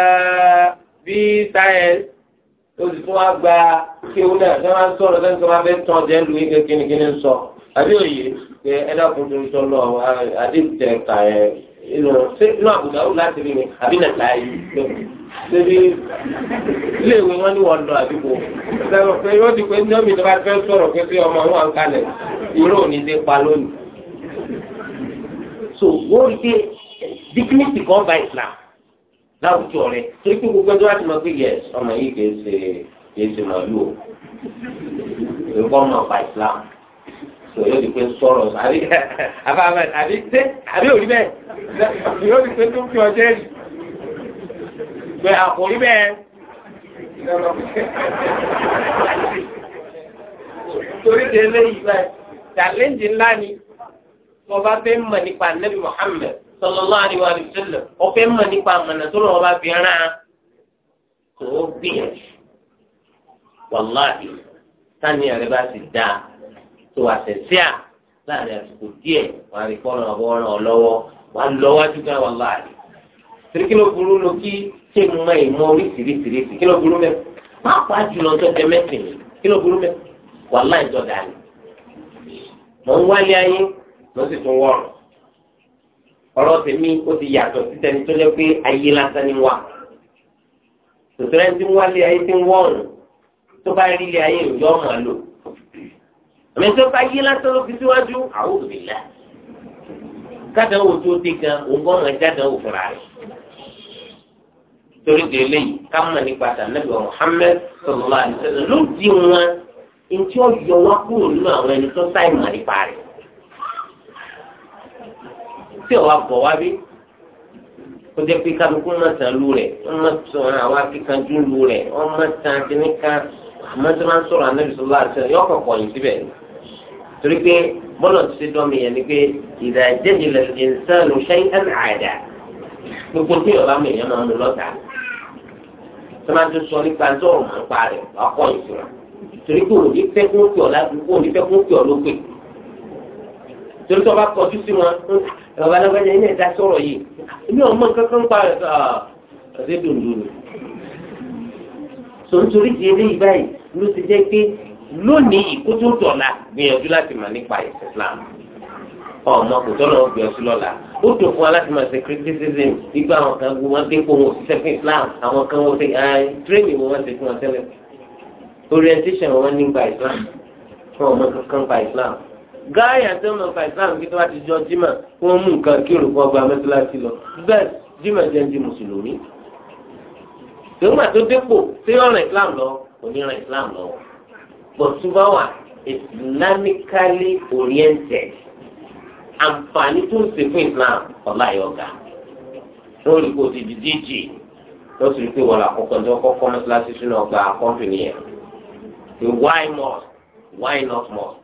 bí sáyẹnsì tó ti tún wá gba kéwú náà ṣé wọ́n sọ̀rọ̀ sẹ́ni tó bá fẹ́ tán jẹ́ lu ike kínníkínní sọ àbí òye pé ẹ̀dá kò tó ń sọ lọ àdéhùn tẹ̀ ká ẹ̀ inú àbùdá ó láti rí mi àbí nàta yìí ṣébi iléèwé wọn ní wọn lọ àdúgbò ṣẹlẹ̀ pé yóò di pé ní ọmọ ìjọba fẹ́ sọ̀rọ̀ pé sí ọmọ àwọn àǹkalẹ̀ ìró òní dé pa lónìí. so wọ́n rí pé dignity kan by Islam láwùjọ rẹ torí pé gbogbo ẹjọ́ láti mọ̀ pé yẹ ọmọ yìí kìí ṣe kìí ṣe màálù o èyí kọ́ ọmọ ọ̀pá Islam yóò di pé sọ̀rọ̀ àbí [LAUGHS] àbí àbí ṣé àbí òrí bẹ́ẹ̀ yóò di pé tó fi ọjọ́ rí pé àkòrí bẹ́ẹ̀. torí de eléyìí bẹ́ẹ̀ challenge ńlá ni tó bá fẹ́ mọ̀ nípa nẹ́bí Muhammad sallallahu alaihi wa sallam ọ̀fẹ́ mọ̀ nípa àmọ̀nà tó lọ́wọ́ bá fi rán a tó gbìyànjú wàláhì sani ẹ̀rẹ́ bá ti dá tó àtẹ̀sí à láàrin àsìkò díẹ̀ wà á rí kọ́nà ọ̀bọ̀ràn ọlọ́wọ́ wà á lọ wájú gan wàláhì torí kí ló burú lo kí ṣé mo máa ì mọ oríṣiríṣiríṣi kí ló burú mẹ́ má jùlọ tó jẹ mẹ́sìn kí ló burú mẹ́ wàláhì tó dà ní. ń wálé ayé mo sì tún wọ̀rọ̀ ọ̀rọ̀ tèmi ó ti yàtọ̀ sí tẹni tó lẹ́ pé ayé lásán ni wà tòtòrẹ́ ti ń wálé ayé ti ń wọ̀rùn tó bá rí ilé ayé ìjọ ọmọ lò àmì tó bá yé lásán ló fi síwájú àwọn òbílà kádàwó tó dé gan ògbọ́n ẹ̀jádàwó fúnra rẹ̀ torí de eléyìí ká mọ̀ nípa tànàbí wa Muhammad sallallahu alaihi wasallam ló di wọn ntí ó yọ wá kúrò nínú àwọn ẹni tó sáì mọ̀ nípa rẹ̀ tí ọ̀wá bọ̀ wá bí ó jẹ́ pé kálukú má san lu rẹ̀ wọ́n má san àwọn akíkanjú lu rẹ̀ wọ́n má kíní kan àmọ́ tí wọ́n sọ̀rọ̀ anábì sọ̀rọ̀ àti sọ̀rọ̀ yọ̀ọ̀kọ̀ pọ̀yìn síbẹ̀ torí pé bọ́lọ̀ ti ṣe dán mi yẹn ni pé ìdá jẹ́jìlẹ̀ ìsánù ṣẹ́yìn àdá gbogbo tí ọ̀la mi yẹn máa mú lọ́tà tí wọ́n ti sọ nípa tó ọ̀rùn mọ́ pa rẹ̀ ọkọ̀ ìṣura torí pé òní fẹ́ kún kí ọ̀la òní fẹ́ kún kí ọ̀lópin torí tó bá kọjú sí wọn bàbá alágbájá yín náà dá sọ̀rọ̀ yìí èmi ò mọ nǹkan kan pa ah, ọ̀sẹ̀ dòdò ni. sọ nítorí ti eléyìí báyìí ló ti jẹ́ pé lónìí ìkótó dọ̀la gbìyànjú láti mà nípa ẹ̀sìn Islam ọmọ kò tọ́lọ̀ ó gbìyànjú lọ́la ó dùn fún wa láti máa ṣe criticism gbígbà àwọn kan wọn dé kó wọn òṣìṣẹ́ fún Islam àwọn kan wọn ṣe eh, training wọn ṣe fún wọn tẹ́lẹ̀ orientation wọn nígbà Islam wọn ò kankan pa Islam gáyà tó mọ̀ fà islam kí tó bá ti jọ jimá kí wọ́n mú nǹkan kí olùkọ́ gba mẹ́tíláṣí lọ bẹ́ẹ̀ jimá jẹ́ ń di mùsùlùmí. tòmà tó dépò tí ọ̀ràn islam lọ kò ní ràn islam lọ bọ̀ túbọ̀ wà islamically oriented àǹfààní tó ń ṣe islam ọ̀la yọ̀ọ̀gà wọ́n rí kó ti di díjì lọ́sùn rí pé wọ́n là kọ́kọ́ ní ọkọ́ kọ́ mẹ́tíláṣí sínú ọgbà kọ́ńpìnì yẹn. why must why not must.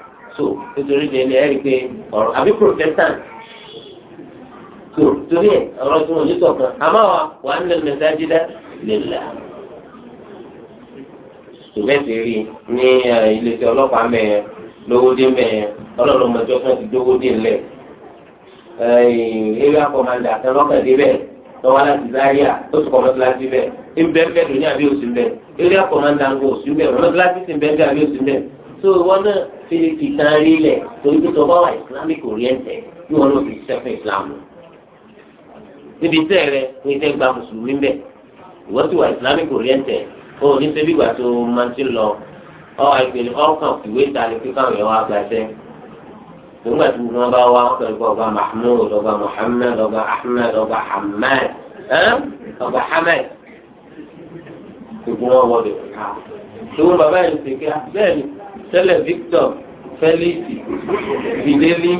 so nítorí délé ẹ̀rí pé ọ̀rọ̀ àbí protestant so torí ẹ̀ ọ̀rọ̀ tí wọ́n ní sọ̀kan àmọ́ wa wà ń lọ mẹ́sáájídá lélà tòmẹ́sì rí ní iléeṣẹ́ ọlọ́pàá mẹ́ẹ̀ lówódé mẹ́ẹ̀ ọlọ́run mọ́jọ́ fún ti dówódé ńlẹ̀ area commander kan lọ́kàn débẹ̀ lọ́wọ́ láti Zaria ó sì kọ́ mọ́tíláṣí bẹ́ẹ̀ ń bẹ́ẹ̀ bẹ́ẹ̀ lóní àbí òsì bẹ́ẹ̀ area commander ń gbọ́ òsì bẹ́ẹ̀ mọ́tíláṣí sì ń bẹ́ẹ̀ bẹ́ẹ̀ àbí òsì bẹ́ẹ̀ so ìwọ náà fi lè fi tan rí lẹ̀ torí pé tó bá islamic oriented bí wọn náà fi ṣiṣẹ́ fún islam níbi tẹ́ rẹ ní tẹ́ gba mùsùlùmí bẹ́ẹ̀ ìwọ ti wà islamic oriented ó ní sẹ́bí ìgbà tó máa ti lọ ọ àìpẹ̀lẹ̀ ọkàn ìwé ta ni kíkà wẹ̀ wá gbàṣẹ́ nígbà tí wọn bá wá wọn pẹ̀lú ọba mahmood ọba muhammed ọba ahmed ọba hamad ọba hamad gbogbo wọn wọlé ká ṣùgbọ́n bàbá yẹn ti kí á bẹ́ẹ̀ ni tẹ́lẹ̀ Victor Felix Bideli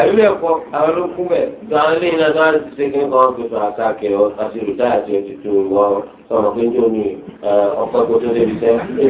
àbílẹ̀ ẹ̀kọ́ àwọn olókùn bẹ̀ tó àwọn ilé iná tó wá ti ṣe kí nǹkan tó tó àtàkì ọ àti olùdáyà tí ó ti tó wọn sọ̀rọ̀ pé ní òní tó tó débi sẹ́.